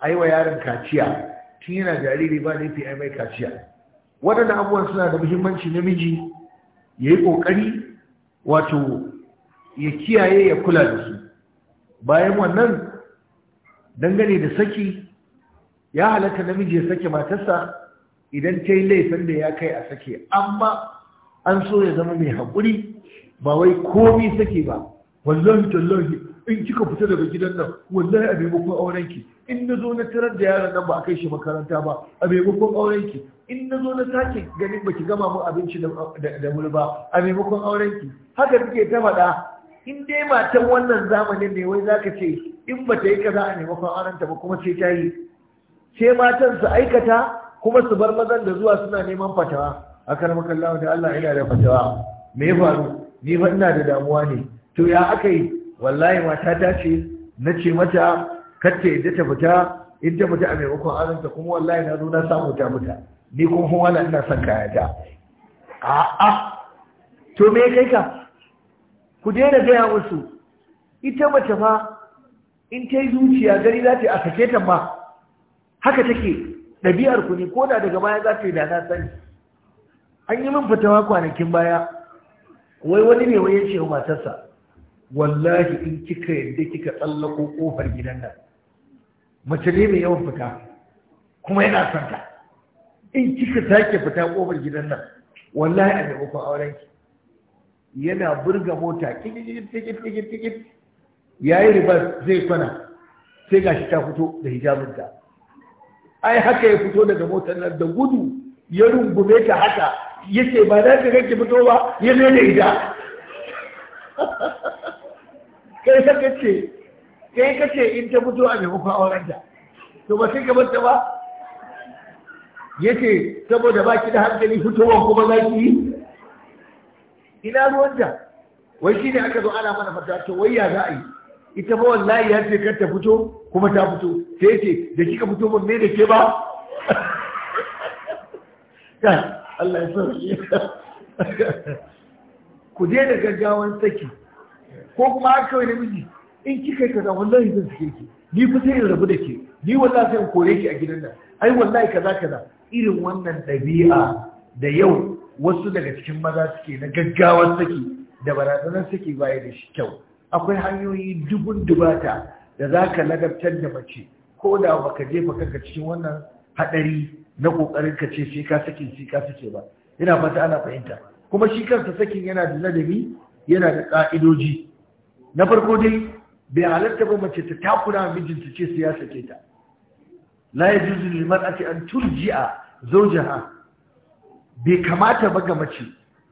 S1: a yi wa yaron kaciya tun yana jariri ba laifi a mai kaciya Waɗanda abubuwan suna da muhimmanci namiji ya yi ƙoƙari wato ya kiyaye ya kula da su bayan wannan dangane da saki ya halatta namiji ya sake matarsa idan ta yi laifin da ya kai a sake amma an so ya zama mai haƙuri ba wai komi sake ba wallahi tallahi in kika fita daga gidan nan wallahi a maimakon aurenki in na zo na tarar da yaron nan ba a kai shi makaranta ba a maimakon aurenki in na zo na sake ganin baki gama mu abinci da mul ba a maimakon aurenki haka kike ta faɗa in dai matan wannan zamanin ne wai zaka ce in ba ta yi kaza a maimakon aurenta ba kuma sai ta yi sai matan su aikata kuma su bar mazan da zuwa suna neman fatawa akar makallahu da Allah ina da fatawa me ya faru ni fa ina da damuwa ne to ya aka wallahi mata ta ce na ce mata kar ta ta fita in ta fita a maimakon azanta kuma wallahi na zo na samu ta fita ni kuma kuma na ina son kayata a'a to me kai ka ku daina gaya musu ita mace ma in ta yi zuciya gari za ta yi a kake ta ma haka take ɗabi'ar ku ne ko daga baya za ta yi da na sani an yi min fatawa kwanakin baya wai wani ne wai ya ce matarsa wallahi in kika yadda kika tsallako kofar gidan nan mace ne mai yawan fita kuma yana son ta in kika sake fita kofar gidan nan wallahi a maimakon auren ki yana burga mota tikit ya yi ribar zai kwana sai gashi ta fito da hijabinta ai haka ya fito daga motar nan da gudu ya rungume ta haka yake ba za ka ganke fito ba ya zo da ita kai ka kace kai ce in ta fito a maimakon auren ta to ba sai ka bar ta ba yake saboda ba ki da hankali fitowar kuma za ki yi ina ruwanta wai shi ne aka zo ana mana fata to wai ya za a yi ita ba wallahi ya ce kar ta fito kuma ta fito sai ce da kika fito ban me da ke ba [LAUGHS] Allah ya sauke ku je da gaggawan saki ko kuma kawai na miji in kika kaza wallahi zan sike ki ni fa sai in rabu da ke ni wallahi sai in kore ki a gidan nan ai wallahi kaza kaza irin wannan dabi'a da yau wasu daga cikin maza suke na gaggawan saki da barazanar saki baya da shi kyau akwai hanyoyi dubun dubata da zaka ka ladabtar da mace ko da baka jefa kanka cikin wannan haɗari na ƙoƙarin ka ce sai ka saki sai ka sake ba ina fata ana fahimta kuma shi kansa sakin yana da ladabi yana da ka'idoji na farko dai bai halarta ba mace ta takura mijinta ce sai ya sake ta la yajuzu lil mar'ati an turji'a zawjaha bai kamata ba ga mace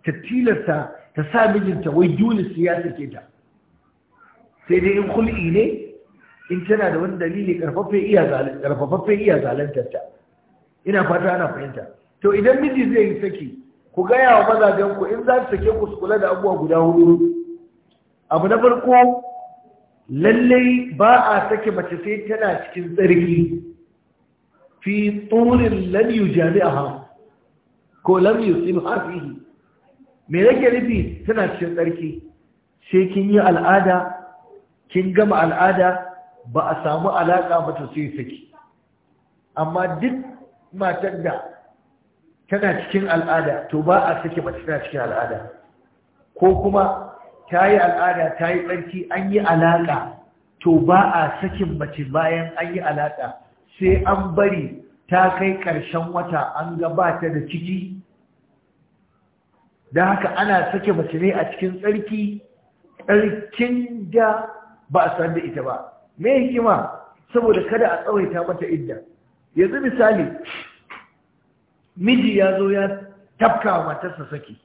S1: ta tilasta ta sa mijinta wai dole sai ya sake ta sai dai in kul'i ne in tana da wani dalili karfafaffe iya zalantar ta ina fata ana fahimta to idan miji zai yi saki ku gaya wa mazajen ku in za su sake ku su kula da abuwa guda hudu abu na farko lallai ba a sake mace sai tana cikin tsarki fi tsorin a jami'a ko lam yusibha fihi me yake nufi tana cikin tsarki sai kin yi al'ada kin gama al'ada ba a samu alaƙa mata sai saki amma duk matar da tana cikin al'ada to ba a sake mace tana cikin al'ada ko kuma ta yi al'ada ta yi tsarki an yi alaƙa to ba a sakin mace bayan an yi alaƙa sai an bari ta kai ƙarshen wata an gabata da ciki da haka ana sake mace ne a cikin tsarki tsarkin da ba a san da ita ba me hikima saboda kada a tsawaita mata idda yanzu misali miji ya zo ya tafka wa matarsa saki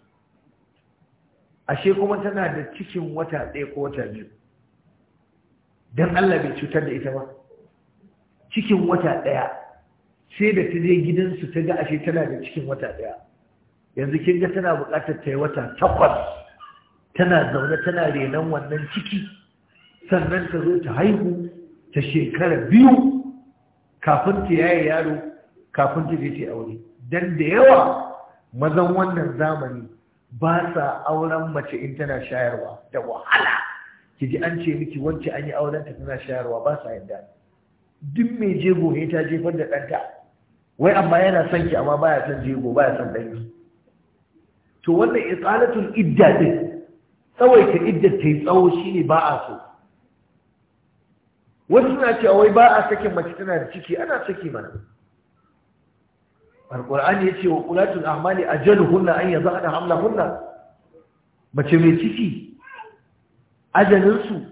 S1: ashe kuma tana da cikin wata ɗaya ko wata biyu don Allah bai cutar da ita ba cikin wata ɗaya sai da ta je gidansu ta ga ashe tana da cikin wata ɗaya yanzu kin ga tana buƙatar ta yi wata takwas tana zaune tana renon wannan ciki sannan ta zo ta haihu ta shekara biyu kafin ta yaye yaro kafin ta je aure dan da yawa mazan wannan zamani ba sa auren mace in tana shayarwa da wahala ki ji an ce miki wacce an yi auren ta tana shayarwa ba sa yadda duk mai jego ne ta jefar da ɗanta wai amma yana son ki amma baya son jego baya son ɗanki to wannan itsalatul idda din tsawaita iddar ta yi tsawo shine ba a so wasu suna cewa wai ba a sakin mace tana da ciki ana saki mana alƙur'ani ya ce wa a ahmali hunna an hamla hunna mace mai ciki ajalinsu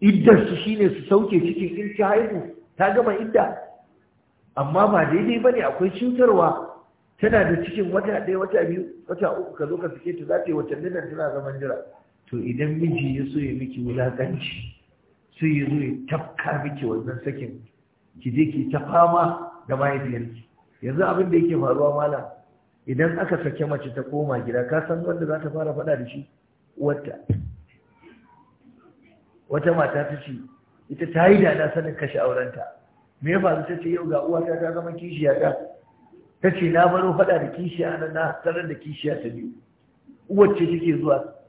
S1: iddarsu shine su sauke cikin in ci haihu ta gama idda amma ba daidai ba ne akwai cutarwa tana da cikin wata ɗaya wata biyu wata uku ka zo ka suke ta za ta yi watanni nan tana zaman jira to idan miji ya so ya miki wulaƙanci. sai ya zo ya tafka miki wannan sakin ki je ki ta fama da mahaifiyarki yanzu abin da yake faruwa mala idan aka sake mace ta koma gida ka san wanda za ta fara faɗa da shi wata wata mata ta ce ita ta yi dada sanin kashe aurenta me ya faru ta ce yau ga uwata ta zama kishiya ta ta ce na baro faɗa da kishiya na na sanar da kishiya ta biyu uwar ce take zuwa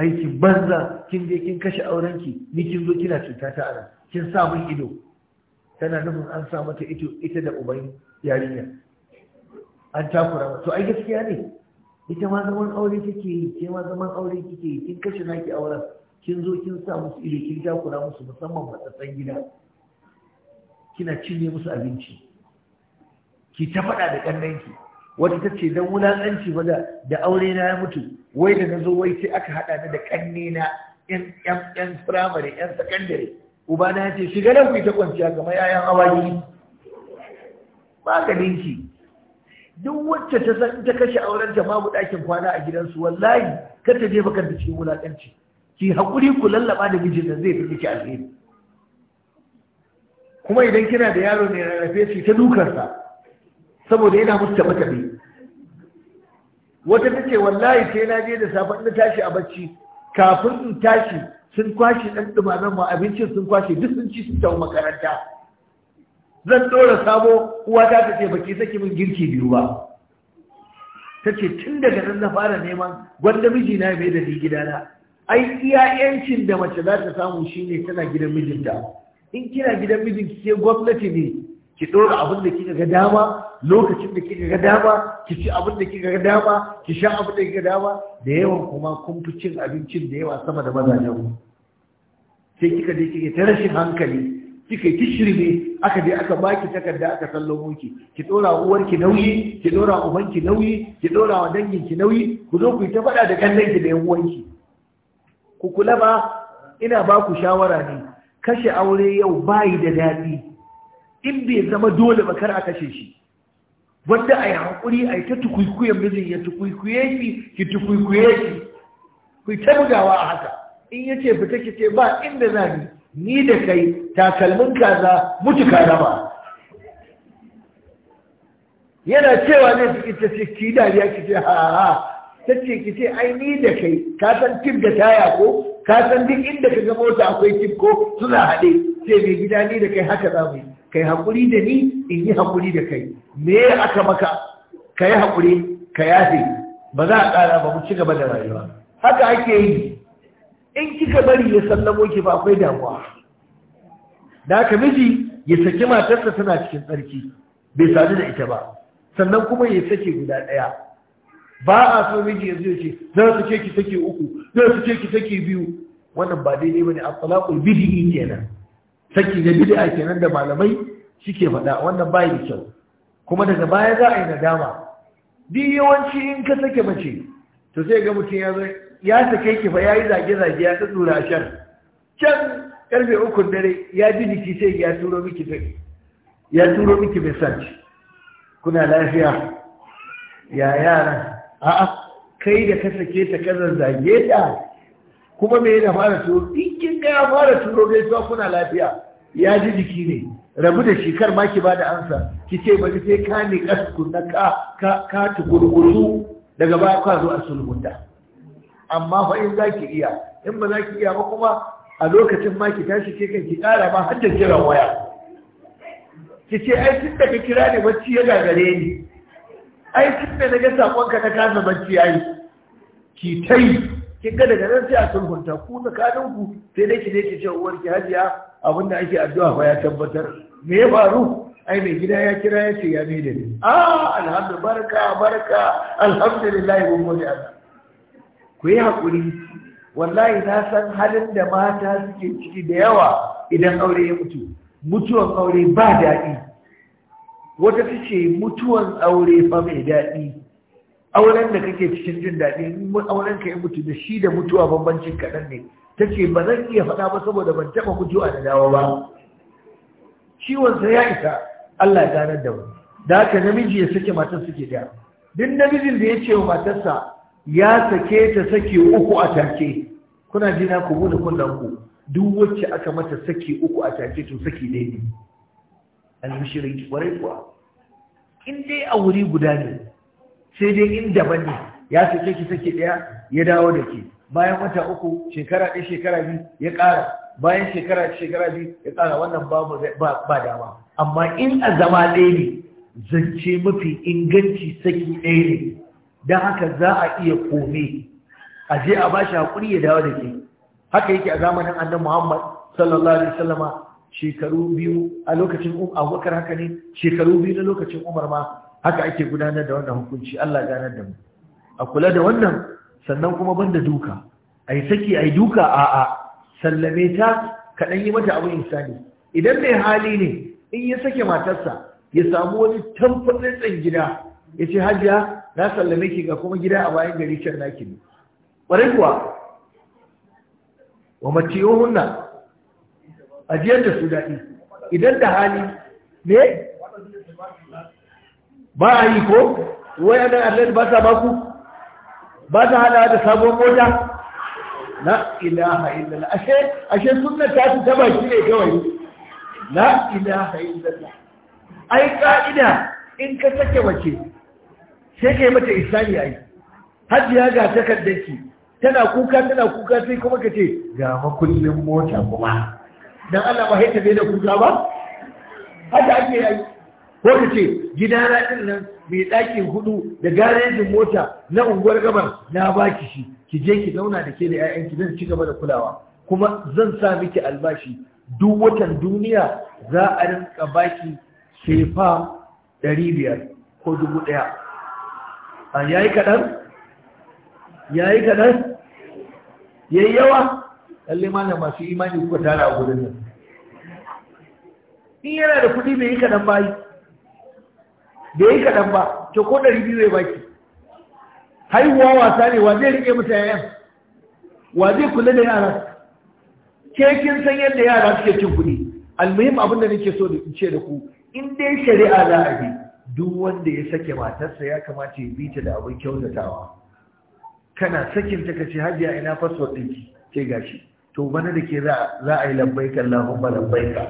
S1: Aiki, banza kin je kin kashe aurenki ni kin zo kina cuta ta ana kin sa mun ido tana nufin an sa mata ito ita da uban yarinya an takura to ai gaskiya ne ita ma zaman aure take yi ke ma zaman aure kike yi kin kashe naki auren kin zo kin sa musu ido kin takura musu musamman matsatsan gida kina cinye musu abinci ki ta faɗa da ƙannanki wata ta ce don wulaƙanci ba da aure na ya mutu wai da na zo wai sai aka haɗa ni da ƙanne na yan firamare yan sakandare uba na ce shiga da kuwa ta kwanciya kamar yayan awaki maganin ki duk wacce ta san ta kashe auren ta babu ɗakin kwana a gidansu wallahi kar ta je bakar ta cikin wulaƙanci ki haƙuri ku lallaba da mijin da zai fi miki alheri kuma idan kina da yaro ne rarrafe shi ta dukarsa saboda yana musu taɓa taɓe wata ta ce wallahi sai na je da safe na tashi a bacci kafin in tashi sun kwashe ɗan ɗumamen ma abincin sun kwashe duk sun ci sun tawo makaranta zan ɗora sabo uwa ta ta ce baki saki min girki biyu ba ta ce tun daga nan na fara neman gwanda mijina mai da gidana ai iya da mace za ta samu shine tana gidan mijinta in kina gidan mijinki sai gwamnati ne ki ɗora abin da kika ga dama lokacin da kika ga dama ki ci abin da kika ga dama ki sha abin da kika ga dama da yawan kuma kun fi cin abincin da yawa sama da mazajen ku sai kika je kike ta rashin hankali kika yi shirme aka je aka baki takarda aka sallamo ki ki ɗora uwarki nauyi ki ɗora ubanki nauyi ki ɗora wa danginki nauyi ku zo ku yi ta faɗa da kallonki da yan uwanki ku kula ba ina ba ku shawara ne kashe aure yau bayi da daɗi in bai zama dole ba kar a kashe shi wanda a yi haƙuri a yi ta tukwikwiyar mijin ya tukwikwiye shi ki tukwikwiye shi ku ta bugawa a haka in ya ce fita ki ce ba inda za ni ni da kai takalmin kaza mutu kaza ba yana cewa ne su ita ce ki dariya ki ce ha ha ta ce ki ce ai ni da kai ka san tim da taya ko ka san duk inda ka ga mota akwai tim ko suna haɗe ce mai gida ni da kai haka za mu yi kai hakuri da ni in yi hakuri da kai me aka maka ka yi haƙuri ka yafe ba za a ƙara ba mu ci gaba da rayuwa haka ake yi in kika bari ya sallamo ki ba akwai damuwa da ka miji ya saki matarsa tana cikin tsarki bai sadu da ita ba sannan kuma ya sake guda ɗaya ba a so miji ya zuwa ce za su ce ki sake uku za su ce ki sake biyu wannan ba daidai ba ne a tsalaƙul bidi'i kenan saki da bid'a kenan da malamai suke faɗa wannan bai da kyau kuma daga baya za a yi nadama duk yawanci in ka sake mace to sai ga mutum ya zo ya sake ki fa yi zage zage ya tsura shar can karfe uku dare ya ji jiki sai ya turo miki ya turo miki message kuna lafiya ya yara a'a kai da ka sake ta kazan zage ta kuma me ya fara turo in kin ga ya fara turo dai zuwa kuna lafiya ya ji jiki ne rabu da shi kar ma ki bada ansa ki ce bari sai ka ne kasku na ka ka daga baya ka zo a sulhunta amma fa in za iya in ba za ki iya ba kuma a lokacin ma ki tashi ke kan ki kara ba, har da kiran waya ki ce ai tun da kira ne bacci ya gagare ni ai tun da na ga sakonka na kasa bacci ai ki tai kin ga daga nan sai a sulhunta ku tsakanin ku sai dai ki ne ki ce uwar ki hajiya abin da ake addu'a fa ya tabbatar me ya faru ai mai gida ya kira ya ce ya ne da ni a alhamdulillah barka barka alhamdulillah mun gode Allah ku yi hakuri wallahi na san halin da mata suke ciki da yawa idan aure ya mutu mutuwan aure ba daɗi wata ta ce mutuwan aure fa mai daɗi auren da kake cikin jin daɗi auren ka ya mutu da shi da mutuwa bambancin kaɗan ne ta ce ba zan iya faɗa ba saboda ban taɓa mutuwa da dawa ba Ciwon sa ya isa Allah ya ganar da mu da haka namiji ya sake matar suke da duk namijin da ya ce wa matarsa ya sake ta sake uku a take kuna jina ku bude kullan ku duk wacce aka mata sake uku a take to sake dai ne al-mushrik kuwa in dai a wuri guda ne sai dai inda daban ne ya sake ki sake daya ya dawo da ke bayan wata uku shekara ɗaya shekara biyu ya ƙara bayan shekara shekara biyu ya ƙara wannan babu ba dama amma in a zama ɗaya ne zance mafi inganci saki ɗaya ne don haka za a iya kome a je a bashi hakuri ya dawo da ke haka yake a zamanin annabi muhammad sallallahu alaihi wasallama shekaru biyu a lokacin abubakar haka ne shekaru biyu na lokacin umar ma haka ake gudanar da wannan hukunci Allah ganar da mu a kula da wannan sannan kuma banda duka ai saki ai duka a a sallame ta kaɗan yi mata abin insani idan mai hali ne in ya sake matarsa ya samu wani tsan gida ya ce hajiya na sallame ki ga kuma gida a bayan gari can naki ne ƙwarai kuwa wa hunna ajiyar da su daɗi idan da hali ne ba a yi ko wayannan atlet ba sa baku ba ta hada da sabon mota la ilaha illallah ashe ashe sunna ta ta shi ne kawai la ilaha illallah ai ka'ida in ka sake mace sai kai mata isani ai hajiya ga takardarki tana kuka tana kuka sai kuma ka ce ga makullin mota kuma dan Allah ba haita bai da kuka ba haka ake yi ko ka ce gidana ɗin nan mai ɗakin hudu da garejin mota na unguwar gabar na baki shi ki je ki zauna da ke da 'ya'yanki zan ci gaba da kulawa kuma zan sa miki albashi duk watan duniya za a rinka baki sefa ɗari biyar ko dubu ɗaya a yayi kaɗan yayi kaɗan yayi yawa lalle malam masu imani kuka tara a gudun nan in yana da kuɗi bai yi kaɗan bayi da yi kaɗan ba to ko ɗari biyu zai baki haihuwa wasa ne wa zai riƙe mutane yayan wa zai kula da yara ke kin san yadda yara suke cin kuɗi almuhim abin da nake so da in ce da ku in dai shari'a za a bi duk wanda ya sake matarsa ya kamata ya bi ta da abin kyautatawa kana sakin ta kace hajiya ina password ɗinki ce gashi to bana da ke za a yi ba lambai ka.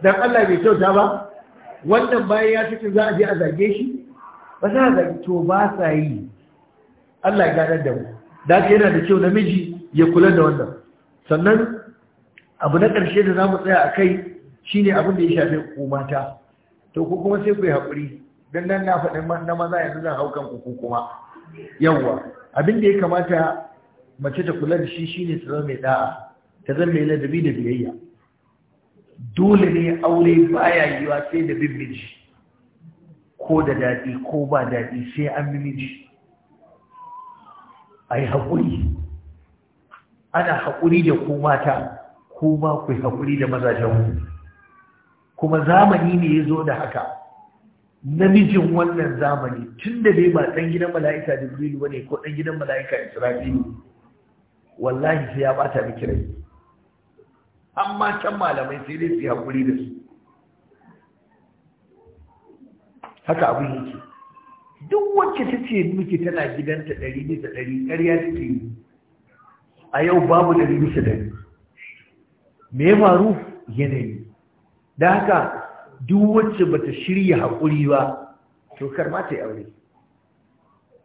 S1: dan Allah bai kyauta ba wannan bayan ya fi za a je a zage shi ba za a zage to ba sa yi Allah ya gadar da mu da yana da kyau namiji ya kula da wannan sannan abu na ƙarshe da za mu tsaya a kai shi ne abin da ya shafi ku mata to ku kuma sai ku yi haƙuri don nan na faɗin na maza yanzu zan hau kan ku kuma yawwa abin da ya kamata mace ta kula da shi shine su zama mai da'a ta zama mai ladabi da biyayya dole ne aure baya yiwa sai da bin miji ko da daɗi ko ba daɗi sai an bi miji a yi haƙuri ana haƙuri da ko mata ko ma ku yi haƙuri da mazajenku kuma zamani ne ya zo da haka namijin wannan zamani tun da bai ba ɗan gidan mala'ika da ba ne ko ɗan gidan mala'ika isra'ilu wallahi sai ya ɓata miki rai amma can malamai sai dai su haƙuri da su haka abin yake duk wacce ta ce miki tana gidanta ɗari bisa ɗari ƙarya ta yi a yau babu ɗari bisa ɗari me ya faru yanayi da haka duk wacce ba ta shirya haƙuri ba to kar ma ta yi aure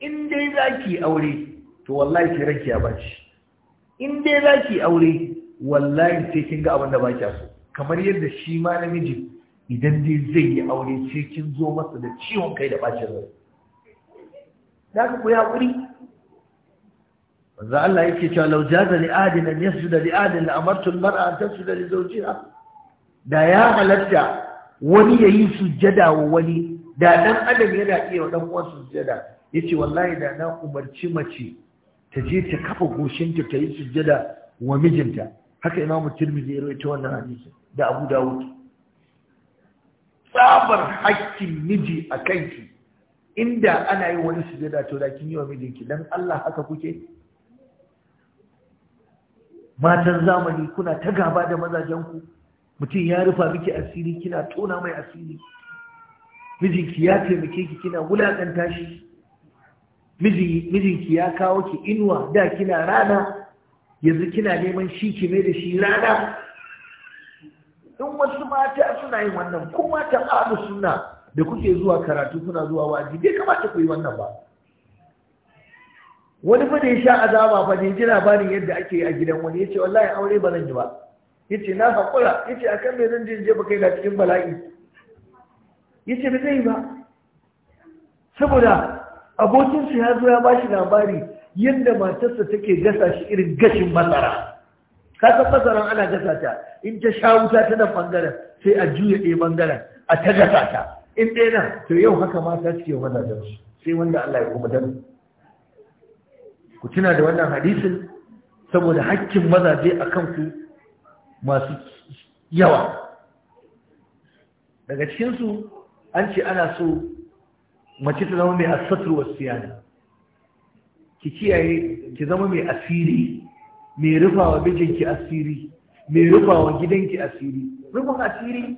S1: in dai za ki aure to wallahi ki ranki ya baci in dai za ki aure wallahi sai kin ga abin da ba kya kamar yadda shi ma namiji idan dai zai yi aure sai kin zo masa da ciwon kai da bacin rai da ka ku hakuri wanda Allah yake cewa law jaza li adin an yasjuda li adin la amartu al mar'a an tasjuda li zawjiha da ya halatta wani yayi sujjada wa wani da dan adam yana iya wa dan uwan sujjada yace wallahi da na umarci mace ta je ta kafa goshinta ta yi sujjada wa mijinta haka imamu tirmidhi ya rawaito wannan hadisi da abu dawud sabar hakkin miji a ki, inda ana yi wani sujada to da kin yi wa mijinki dan Allah haka kuke matan zamani kuna ta gaba da mazajen ku mutum ya rufa miki asiri kina tona mai asiri mijinki ya taimake ki kina wulakanta shi mijinki ya kawo ki inuwa da kina rana yanzu kina neman shi ki mai da shi rana in wasu mata suna yin wannan ko mata ahlu suna da kuke zuwa karatu kuna zuwa waji bai kamata ku yi wannan ba wani fa da ya sha azaba fa ne jira bani yadda ake a gidan wani yace wallahi aure ba zan yi ba yace na hakura yace akan me zan je je ba kai da cikin bala'i yace ba zai ba saboda abokin shi ya zo ya bashi labari yadda matarsa take gasa shi irin gashin masara kasa masaran ana gasa ta in ta sha wuta ta nan bangaren sai a juya ɗaya bangaren a ta gasa ta in ɗaya nan to yau haka mata suke da su sai wanda Allah ya kuma dan ku tuna da wannan hadisin saboda hakkin mazaje a ku masu yawa daga cikinsu an ce ana so mace ta zama mai asatru wasu siyana ki kiyaye ki zama mai asiri mai rufawa mijinki asiri mai rufawa gidanki asiri rufin asiri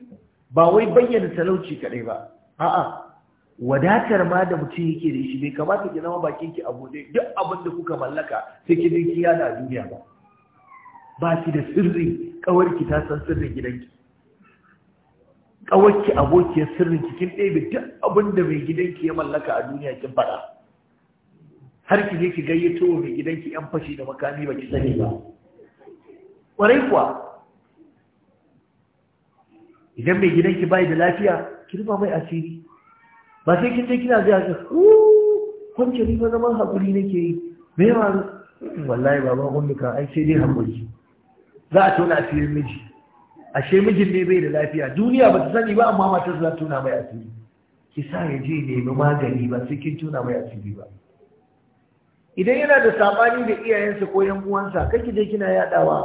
S1: ba wai bayyana talauci kadai ba a'a wadatar ma da mutum yake da shi bai kamata ki zama bakin ki abu ne duk abin da kuka mallaka sai ki dinki ya yada duniya ba ba ki da sirri ki ta san sirrin gidanki ki abokiyar sirrin ki kin ɗebe duk abin da mai gidanki ya mallaka a duniya kin faɗa har ki je ki gayyato mai gidanki yan fashi da makami ba ki sani ba ƙwarai kuwa idan mai gidanki bai da lafiya ki rufa mai asiri ba sai kin je kina zai haka kwanke ni ba zaman haƙuri nake yi me yawa wallahi baba ka ai sai dai haƙuri za a tona asirin miji ashe mijin ne bai da lafiya duniya ba ta sani ba amma matar za ta tona mai asiri ki sa ya je nemi magani ba sai kin tona mai asiri ba idan yana da sabani da iyayensa ko yan uwansa kake je kina yadawa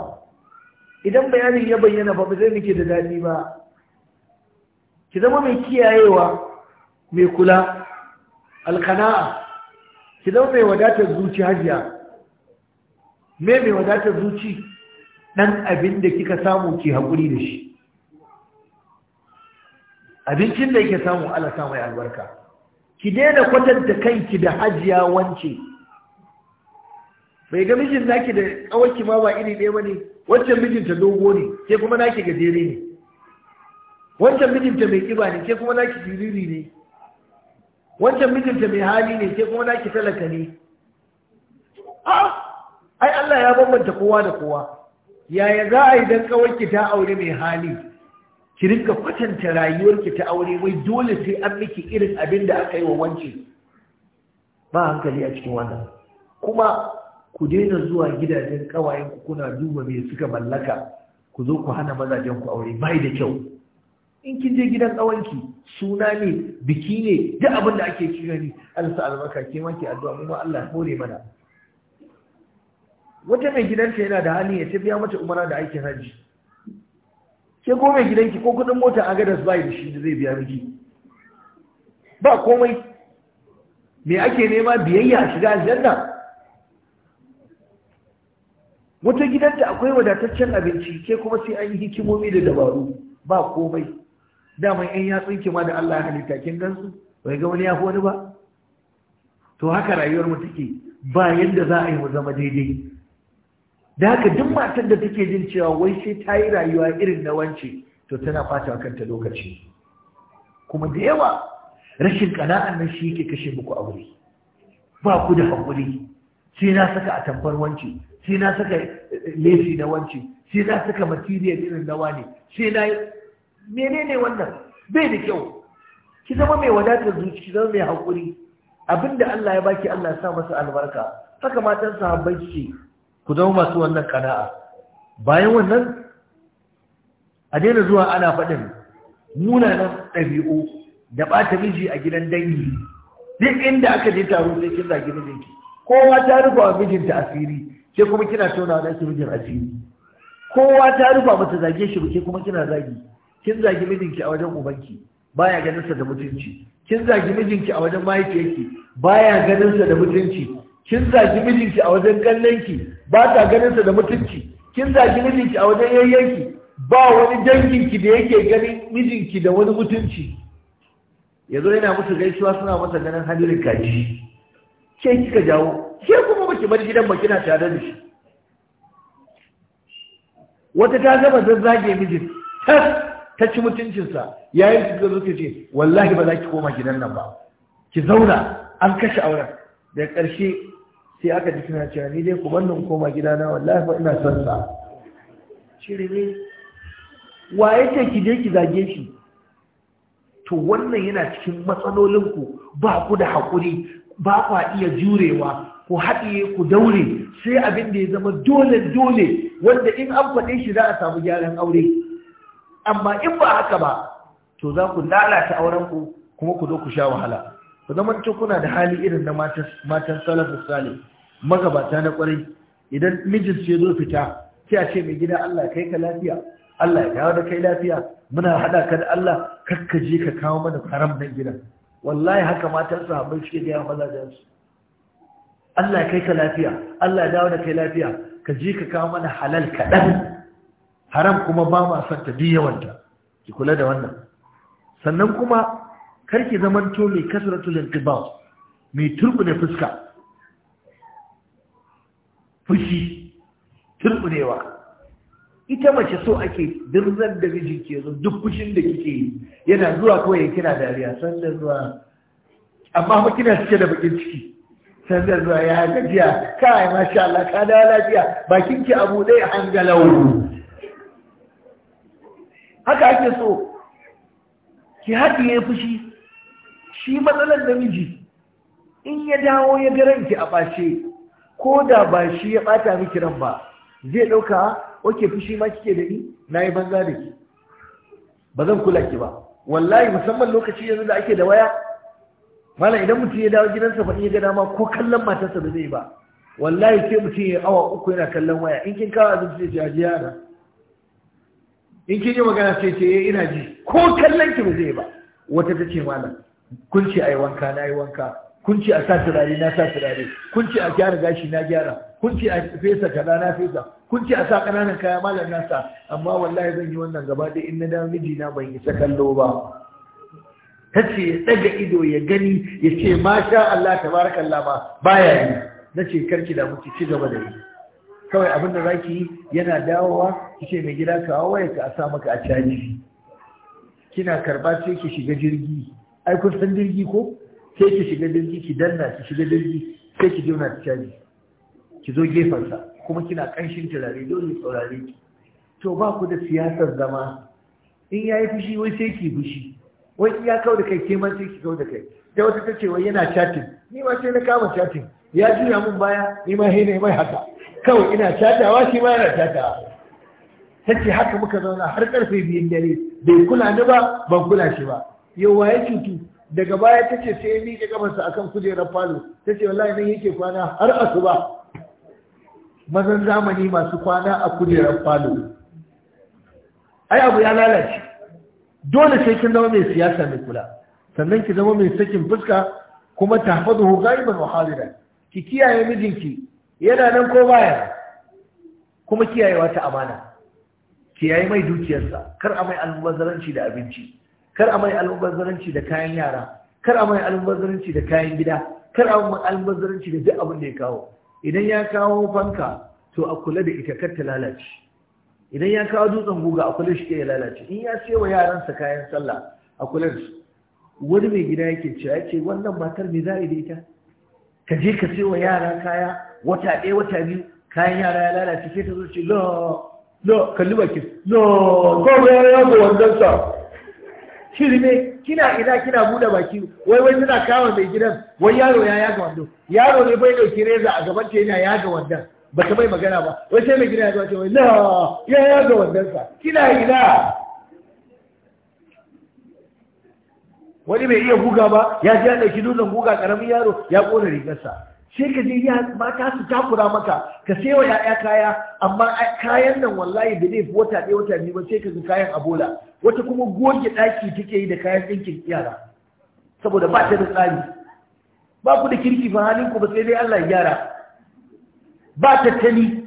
S1: idan bayanin ya bayyana ba ba zai nake da dadi ba ki zama mai kiyayewa mai kula alkana'a ki zama mai wadatar zuci hajiya me mai wadatar zuci dan abin da kika samu ki hakuri da shi abincin da yake samu Allah sa mai albarka ki daina kwatanta kanki da hajiya wance bai ga mijin naki da tsawonki ma ba iri ɗaya bane wancan mijinta dogo ne sai kuma naki gajere ne wancan mijinta mai kiba ne sai kuma naki siriri ne wancan mijinta mai hali ne sai kuma naki talaka ne a'a ah! ai Allah ya bambanta kowa da kowa yaya za a yi dan kawarki ta aure mai hali ki rinka kwatanta rayuwarki ta aure wai dole sai an miki irin abin da aka yi wa wance ba hankali a cikin wannan kuma ku daina zuwa gidajen kawayen ku kuna duba me suka mallaka ku zo ku hana mazajen ku aure bai da kyau in kin je gidan kawanki suna ne biki ne duk abin da ake kira ni Allah sa albarka ke ma addu'a mu Allah hore mana wata mai gidanta yana da hali ya tafiya mata umara da aikin Haji. ke gobe gidanki ko kudin mota a gadas bai da shi da zai biya miki ba komai me ake nema biyayya shiga aljanna wata gidan da akwai wadataccen abinci ke kuma sai an yi hikimomi da dabaru ba komai daman yan yatsun ma da Allah ya halitta kin gansu bai ga wani ya wani ba to haka rayuwar mu take ba yanda za a yi mu zama daidai da haka duk matar da take jin cewa wai sai ta yi rayuwa irin na wance to tana fata wa kanta lokaci kuma da yawa rashin kana'an nan shi yake kashe muku aure ba ku da haƙuri sai na saka a tamfar wance Shi na saka lesi na wanci Shi na saka material irin na wani Shi na menene wannan bai da kyau ki zama mai wadatar zuci ki zama mai haƙuri abinda Allah ya baki Allah ya sa masa albarka saka matan sahabbai ce ku zama masu wannan kana'a bayan wannan a daina zuwa ana faɗin munanan ɗabi'u da ɓata miji a gidan dangi duk inda aka je taro sai kin zagi mijinki kowa ta rufa wa mijinta asiri ke kuma kina tauna da ki mijin asiri kowa ta rufa mata zage shi ke kuma kina zagi kin zagi mijinki a wajen ubanki baya ganin sa da mutunci kin zagi mijinki a wajen mahaifiyarki baya ganin sa da mutunci kin zagi mijinki a wajen kallonki ba ta ganin sa da mutunci kin zagi mijinki a wajen yayyanki ba wani danginki da yake ganin mijinki da wani mutunci yanzu yana musu gaisuwa suna masa ganin hadirin kaji ke kika jawo ke kuma baki bar gidan ba kina tare da shi wata ta gaba zage miji tas ta ci mutuncinsa yayin su zo ta ce wallahi ba za ki koma gidan nan ba ki zauna an kashe auren da ƙarshe sai aka ji suna cewa ni dai ku bannin koma gidana wallahi ba ina son sa shirme wa yake ki je ki zage shi to wannan yana cikin matsalolinku ba ku da haƙuri ba ku iya jurewa ku haɗiye ku daure sai abin da ya zama dole dole wanda in an faɗe shi za a samu gyaran aure amma in ba haka ba to za ku lalata aurenku kuma ku zo ku sha wahala ku zama kuna da hali irin na matan salafus sale magabata na kwarai idan mijin ya zo fita sai a ce mai gida Allah kai ka lafiya Allah ya dawo da kai lafiya muna haɗa ka da Allah kakkaje ka kawo mana haram nan gidan wallahi haka matan sahabbai suke maza da su Allah ya kai ka lafiya Allah ya dawo da kai lafiya ka ji ka kawo mana halal kaɗan haram kuma ba ma son ta duk yawanta ki kula da wannan sannan kuma karki zaman to mai kasratul inqibas mai turbune fuska fushi turbunewa ita mace so ake dirzar da mijin ke zo duk fushin da kike yi yana zuwa kawai kina dariya sannan zuwa amma kina cike da bakin ciki sanda zuwa ya gajiya kai masha Allah ka da lafiya bakin ki abu dai hangalau haka ake so ki haɗiye fushi shi matsalar namiji in ya dawo ya ga ranki a ɓace ko da ba shi ya bata miki ran ba zai ɗauka oke fushi ma kike da ni na yi banza da ki ba zan kula ki ba wallahi musamman lokaci yanzu da ake da waya mala idan mutum ya dawo gidansa ba iya ga dama ko kallon matarsa ba zai ba wallahi sai mutum ya awa uku yana kallon waya in kin kawo abinci sai ji yara in kin yi magana sai ce eh, ina ji ko kallon ki ba zai ba wata ta ce malam kun ce a yi wanka na yi wanka kun ce a sa turare na sa turare kun ce a gyara gashi na gyara kun ce a fesa kaza na fesa kun ce a sa ƙananan kaya malam na sa amma wallahi zan yi wannan gaba ɗaya in na dawo miji na ban isa kallo ba ta ce ya ɗaga ido ya gani ya ce masha Allah tabarakallah ba baya yi na ce karki da muke ci gaba da yi kawai abin da zaki yi yana dawowa ki ce mai gida kawo waya ka a sa maka a caji kina karba sai ki shiga jirgi ai kun san jirgi ko sai ki shiga jirgi ki danna ki shiga jirgi sai ki jona ta caji ki zo sa kuma kina kanshin turare dole saurare ki to ba ku da siyasar zama in yayi fushi wai sai ki fushi wai iya kawo da kai ke man sai ki kawo da kai da wata ta ce wai yana chatting ni ma sai na kama chatting ya juya mun baya ni ma hina mai haka kawai ina chatawa shi ma yana chatawa ce haka muka zauna har karfe biyun dare bai kula ni ba ban kula shi ba yau ya cutu daga baya ta ce sai ya miƙe kafarsa akan kujerar falo ce wallahi nan yake kwana har asuba mazan zamani masu kwana a kujerar falo ai abu ya lalace dole sai kin zama mai siyasa mai kula sannan ki zama mai sakin fuska kuma tahfazuhu ghaiban wa hadiran ki kiyaye mijinki yana nan ko baya kuma kiyayewa ta amana kiyaye mai dukiyarsa kar a mai almubazzaranci da abinci kar a mai almubazzaranci da kayan yara kar a mai almubazzaranci da kayan gida kar a mai almubazzaranci da duk abin da ya kawo idan ya kawo fanka to a kula da ita kar ta lalace idan ya kawo dutsen guga a kula shi ya lalace in ya ce wa yaransa kayan sallah a kula wani mai gida yake cewa ya ce wannan matar me za a da ita ka je ka sai wa yara kaya wata ɗaya wata biyu kayan yara ya lalace sai ta zo ce la la kalli baki la ko ya yago wannan sa shirme kina ina kina buɗe baki wai wai tana kawo mai gidan wai yaro ya yaga wando yaro ne bai dauke reza a gaban ta yana yaga wannan ba ta mai magana ba wai sai mai gina ya zuwa ce wai na ya yi ga wannan sa kina ina wani mai iya guga ba ya ji ya shi nunan guga karamin yaro ya ƙona rigarsa sai ka je ya mata su takura maka ka sai wa ya'ya kaya amma kayan nan wallahi da zai fi wata ɗaya wata biyu ba sai ka ga kayan abola wata kuma goge ɗaki take yi da kayan ɗinkin yara saboda ba ta da tsari ba ku da kirki fa halin ba sai dai Allah ya gyara ba tattali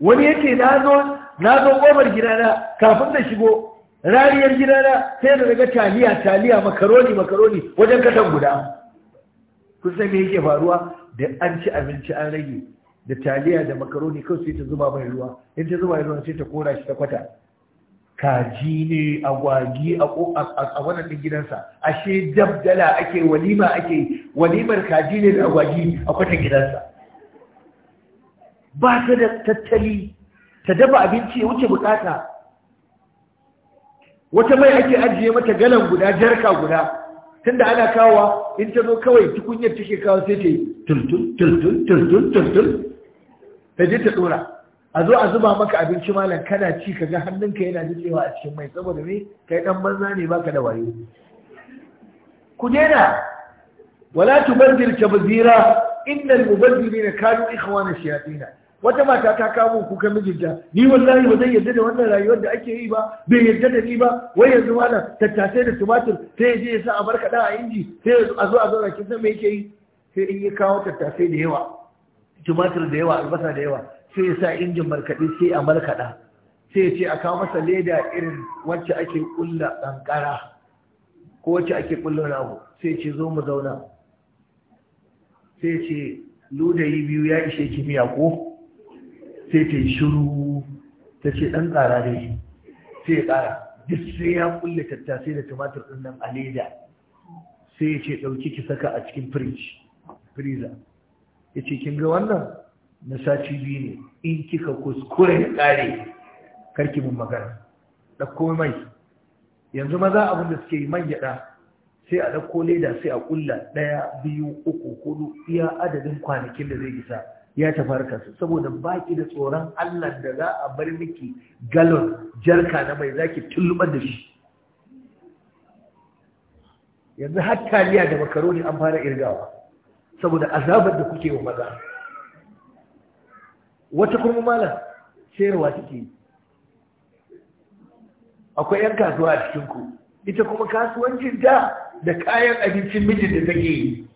S1: wani yake na zo na gidana kafin da shigo rariyar gidana sai da daga taliya taliya makaroni makaroni wajen katon guda kun san me yake faruwa da an ci abinci an rage da taliya da makaroni kawai sai ta zuba mai ruwa in ta zuba ruwa sai ta kora shi ta kwata kaji ne agwagi a wannan ɗin gidansa ashe dabdala ake walima ake walimar kaji ne da agwagi a kwatan gidansa ba ta da tattali ta dafa abinci ya wuce bukata wata mai ake ajiye mata galan guda jarka guda tunda ana kawowa in ta zo kawai tukunyar take kawo sai ta yi tuntun tuntun tuntun tuntun ta je ta tsora a zo a zuba maka abinci malam kana ci ka ga hannunka yana nutsewa a cikin mai saboda ne, kai dan banza ne baka da wayo ku daina wala tubaddil tabzira innal mubaddilina kanu ya shayatina wata mata ta kawo kuka mijinta ni wallahi ba zan yarda da wannan rayuwar da ake yi ba bai yarda da ni ba wai yanzu malam tattasai da tumatir sai ya je ya sa a kaɗa a inji sai a zo a zauna kin kisan mai yake yi sai in yi kawo tattasai da yawa tumatir da yawa albasa da yawa sai ya sa injin markaɗe sai a markaɗa sai ya ce a kawo masa leda irin wacce ake kulla ƙanƙara ko wacce ake kulla rago sai ya ce zo mu zauna sai ya ce ludayi biyu ya ishe kimiyya ko sai ta yi shiru ta ce ɗan tsara dai sai ya tsara duk sai ya kulle tattasai da tumatir ɗin nan a leda sai ya ce ɗauki ki saka a cikin firij Firiza, ya ce kin ga wannan na sati biyu ne in kika kuskure ya ƙare karki mun magana ɗauko mai yanzu maza abin da suke yi man gyaɗa sai a ɗauko leda sai a ƙulla ɗaya biyu uku hudu iya adadin kwanakin da zai kisa. ya tafi su saboda baki da tsoron Allah da za a bar miki galon jarka na mai zaki tulluɓar da shi yanzu har taliya da makaroni an fara irgawa saboda azabar da kuke wa maza wata kuma mala sayarwa take akwai yan kasuwa a cikin ku ita kuma kasuwancin da da kayan abincin mijin da take yi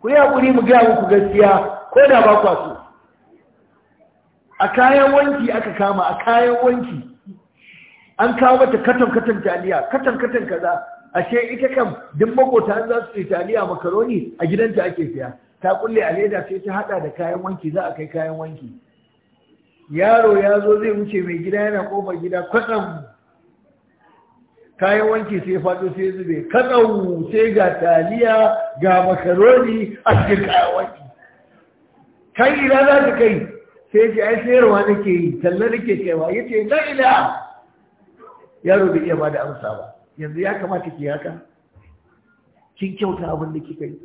S1: ku yi hakuri mu ga muku gaskiya ko da ba kwa so a kayan wanki aka kama a kayan wanki an kawo mata katon-katon taliya katon-katon kaza ashe ita kam duk magota an za su yi taliya makaroni a gidanta ake siya ta kulle a leda sai ta hada da kayan wanki za a kai kayan wanki yaro ya zo zai wuce mai gida yana kofar gida kwatsam kayan wanki sai faɗo sai zube kaɗau sai ga taliya ga makaroni a cikin kayan wanki kai ila za ka kai sai ce ai sayarwa nake yi talla nake cewa ya ce na ila yaro bai iya ba da amsa ba yanzu ya kamata ki haka kin kyauta abin da kika yi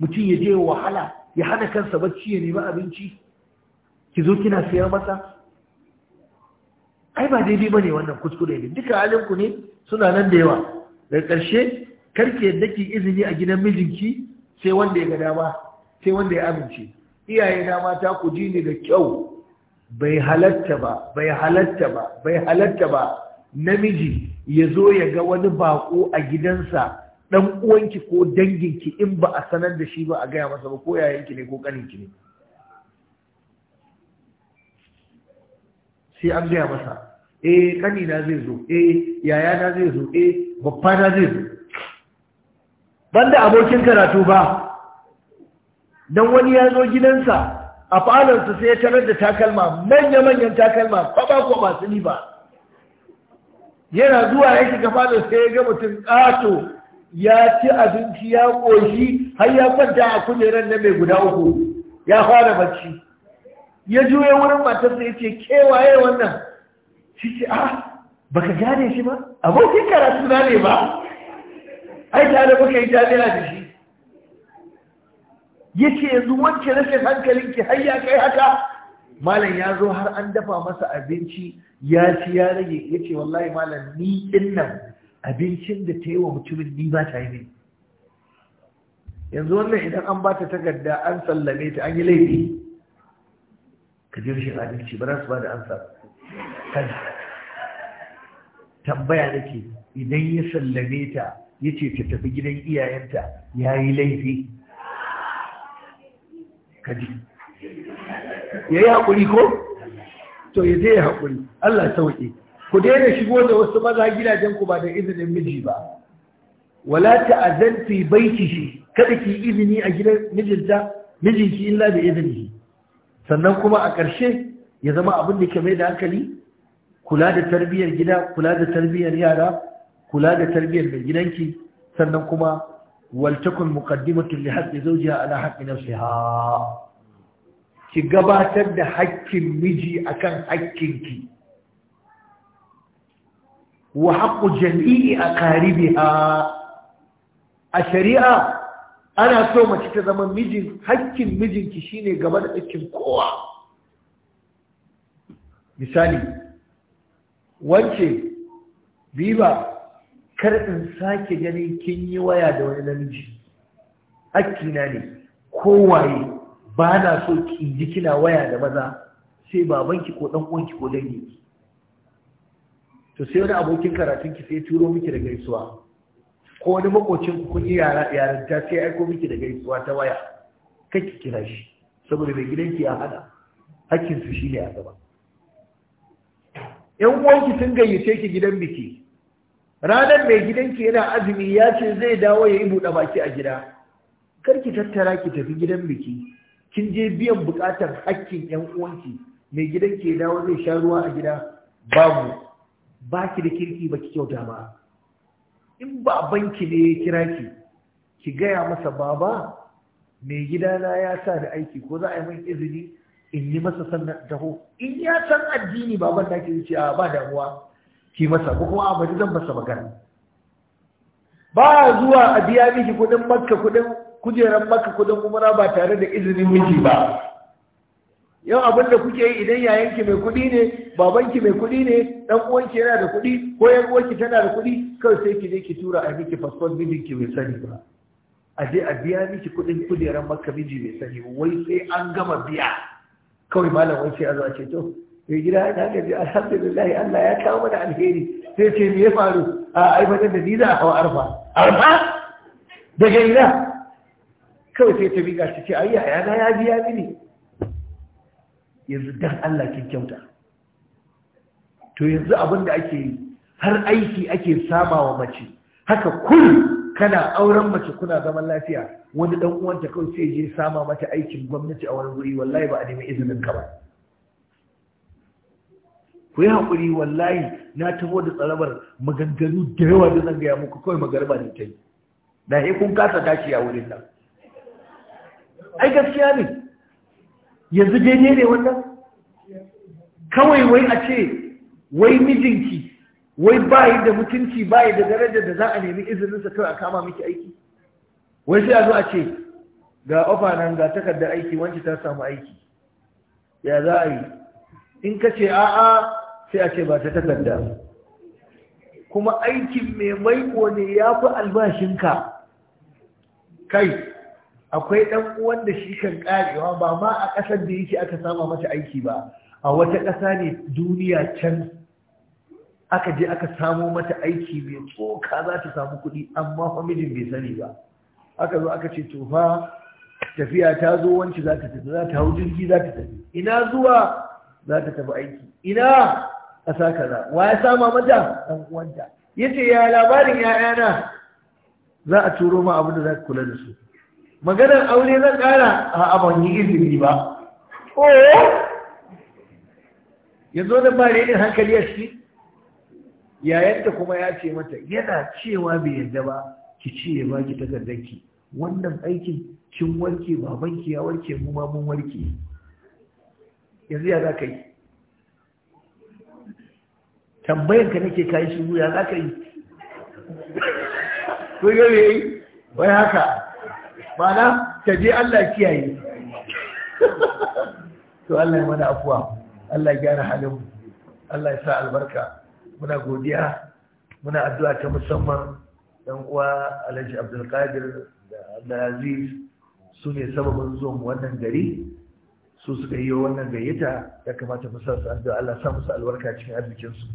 S1: mutum ya je wahala ya hana kansa bacci ya nemi abinci ki zo kina sayar masa ai ba daidai ne wannan kuskure ne duka halinku ne suna nan da yawa daga ƙarshe karki yadda ki izini a gidan mijinki sai wanda ya ga dama sai wanda ya amince iyaye na mata ku ji ni da kyau bai halatta ba bai halatta ba bai halatta ba namiji ya zo ya ga wani bako a gidansa dan uwanki ko danginki in ba a sanar da shi ba a gaya masa ba ko yayanki ne ko kaninki ne sai an gaya masa eh kanina zai zo eh yayana zai zo eh babba na zai zo banda abokin karatu ba don wani ya zo gidansa a falonsa sai ya tarar da takalma manya-manyan takalma kwaba kwa masu ba yana zuwa ya shiga falon sai ya ga mutum kato. ya ci abinci ya ƙoshi har ya kwanta a kujerar na mai guda uku ya fara bacci ya juya wurin matarsa ya ce kewaye wannan shi ce a ah, baka gane shi ba abokin karatu na ne ba ai tare baka yi jami'a da shi yace yanzu wacce rashin hankalin ki hayya kai haka malam ya zo har an dafa masa abinci ya ci ya rage yace wallahi malam ni din nan abincin da ta yi wa mutumin ni ba ta yi ne yanzu wannan idan an ba ta takarda an sallame ta an yi laifi ka ji rashin abinci ba za su ba da ansa tambaya nake idan ya sallame ta ya ce ta tafi gidan iyayenta ya yi laifi kaji ya yi haƙuri ko? to ya je haƙuri Allah sauƙi ku daina shigo da wasu maza gidajen ku ba da izinin miji ba wala zan fi baitihi kada ki izini a gidan mijinta mijinki illa da izini sannan kuma a ƙarshe ya zama abin da ke mai da hankali kula da tarbiyyar gida kula da tarbiyyar yara kula da tarbiyyar mai gidanki sannan kuma waltakun muqaddimatun li haqqi zawjiha ala haqqi nafsiha ki gabatar da haƙƙin miji akan haƙƙinki wa haƙƙu jami'i a karibiha a shari'a ana so mace ta zama mijin haƙƙin mijinki shine gaba da haƙƙin kowa misali wance biba kar in sake gani kin yi waya da wani namiji hakkina ne kowaye ba na so ki ji kina waya da maza sai babanki ko dan uwanki ko danginki to sai wani abokin karatun ki sai turo miki da gaisuwa ko wani makocin ku kun yi yara yaran ta sai aiko miki da gaisuwa ta waya kake kira shi saboda mai gidanki ya hada hakkin su shine a gaba yan uwanki sun gayyace ki gidan biki ranar mai gidanki yana azumi ya ce zai dawo ya yi buɗe baki a gida Kar ki tattara ki tafi gidan biki kin je biyan buƙatar hakkin yan uwanki mai gidanki ya dawo zai sha ruwa a gida babu ba ki da kirki ba ki kyauta ba in ba banki ne ya kira ki ki gaya masa baba mai gidana ya sa da aiki ko za a yi min izini in yi masa sannan taho in ya san addini baban da ke wuce ba damuwa ki masa ko kuma a zan masa magana ba zuwa a biya miki kudin makka kudin kujeran makka kudin umra ba tare da izinin miji ba yau abin da kuke yi idan yayanki mai kudi ne babanki mai kudi ne dan uwanki yana da kudi ko yan uwanki tana da kudi kawai sai ki je ki tura a miki passport mijinki bai sani ba a je a biya miki kudin kujeran makka miji bai sani wai sai an gama biya kawai malam wai sai a zo a ce to mai gida ya ji alhamdulillah Allah ya kawo mana alheri sai ce me ya faru a aibatar da ni a hawa arfa arfa daga ina kawai sai ta biga shi ce ai yayana ya biya mini yanzu dan Allah kin kyauta to yanzu abin da ake har aiki ake saba wa mace haka kul kana auren mace kuna zaman lafiya wani dan uwanta kawai sai je sama mata aikin gwamnati a wani guri wallahi ba a nemi izinin ka ba ku yi haƙuri wallahi na taho da tsarabar maganganu da yawa da zan gaya muku kawai magarba ne ta yi da yi kun kasa tashi a wurin nan ai gaskiya ne yanzu daidai ne wannan kawai wai a ce wai mijinki wai bayi da mutunci bayi da darajar da za a nemi sa kawai a kama miki aiki wai sai a zo a ce ga ofa nan ga takardar aiki wancan ta samu aiki ya za a yi in ka ce a'a sai a ce ba ta takarda kuma aikin mai maiko ne ya fi albashinka kai akwai ɗan uwan da shi kan ƙarewa ba ma a ƙasar da yake aka sama mata aiki ba a wata ƙasa ne duniya can aka je aka samo mata aiki mai tsoka za ta samu kuɗi amma famijin bai sani ba aka zo aka ce tofa, tafiya ta zo wanci za ta tafi za ta hau jirgi za ta tafi ina zuwa za ta tafi aiki ina ƙasa kaza wa ya sama mata ɗan uwanta ya ce ya labarin ‘ya'yana za a turo ma abin da za kula da su maganar aure zan ƙara a ban yi izini ba oh ya zo da bare yin hankali a ciki yayanta kuma ya ce mata yana cewa bai yadda ba ki ce ya ba ki takardarki wannan aikin kin warke babanki ya warke mu ma mun warke yanzu ya za ka yi tambayan ka nake kayi shiru ya za ka yi ko yau yi? wai haka mana ta je Allah kiyaye to Allah ya mana afuwa Allah ya gyara halin Allah ya sa albarka muna godiya muna addu'a ta musamman dan uwa Alhaji Abdul Qadir da Abdulaziz su ne sababin zuwan wannan gari su suka yi wannan gayyata ya kamata mu sa su addu'a Allah ya sa musu albarka cikin arzikin su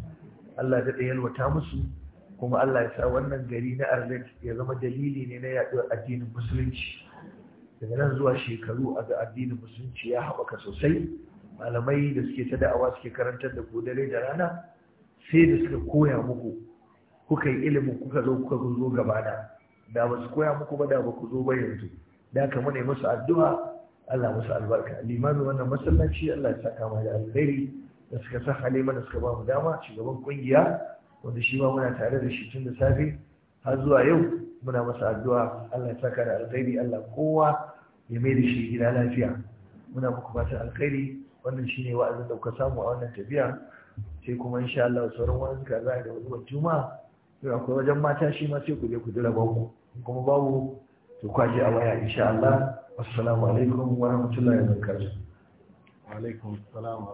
S1: Allah da ɗaya yalwata musu kuma Allah ya sa wannan gari na Arlet ya zama dalili ne na yaɗuwar addinin musulunci daga nan zuwa shekaru a ga addinin musulunci ya haɓaka sosai malamai da suke ta da'awa suke karantar da ku dare da rana sai da suka koya muku kuka yi ilimin kuka zo kuka zo gabana da ba su koya muku ba da ba ku zo ba yanzu da ka muna musu addu'a Allah musu albarka limamin wannan masallaci Allah ya saka mai da alheri da suka halima da suka ba mu dama shugaban kungiya wanda shi ma muna tare da shi tun da safe har zuwa yau muna masa addu'a Allah ya saka da alkhairi Allah kowa ya mai da shi gida lafiya muna muku fatan alkhairi wannan shine wa'azin da kuka samu a wannan tafiya sai kuma insha Allah sauran wani ka za da wani juma sai akwai wajen mata shi ma sai ku je ku dira babu kuma babu to kwaje a waya insha Allah assalamu alaikum wa rahmatullahi wa barakatuh wa alaikum assalam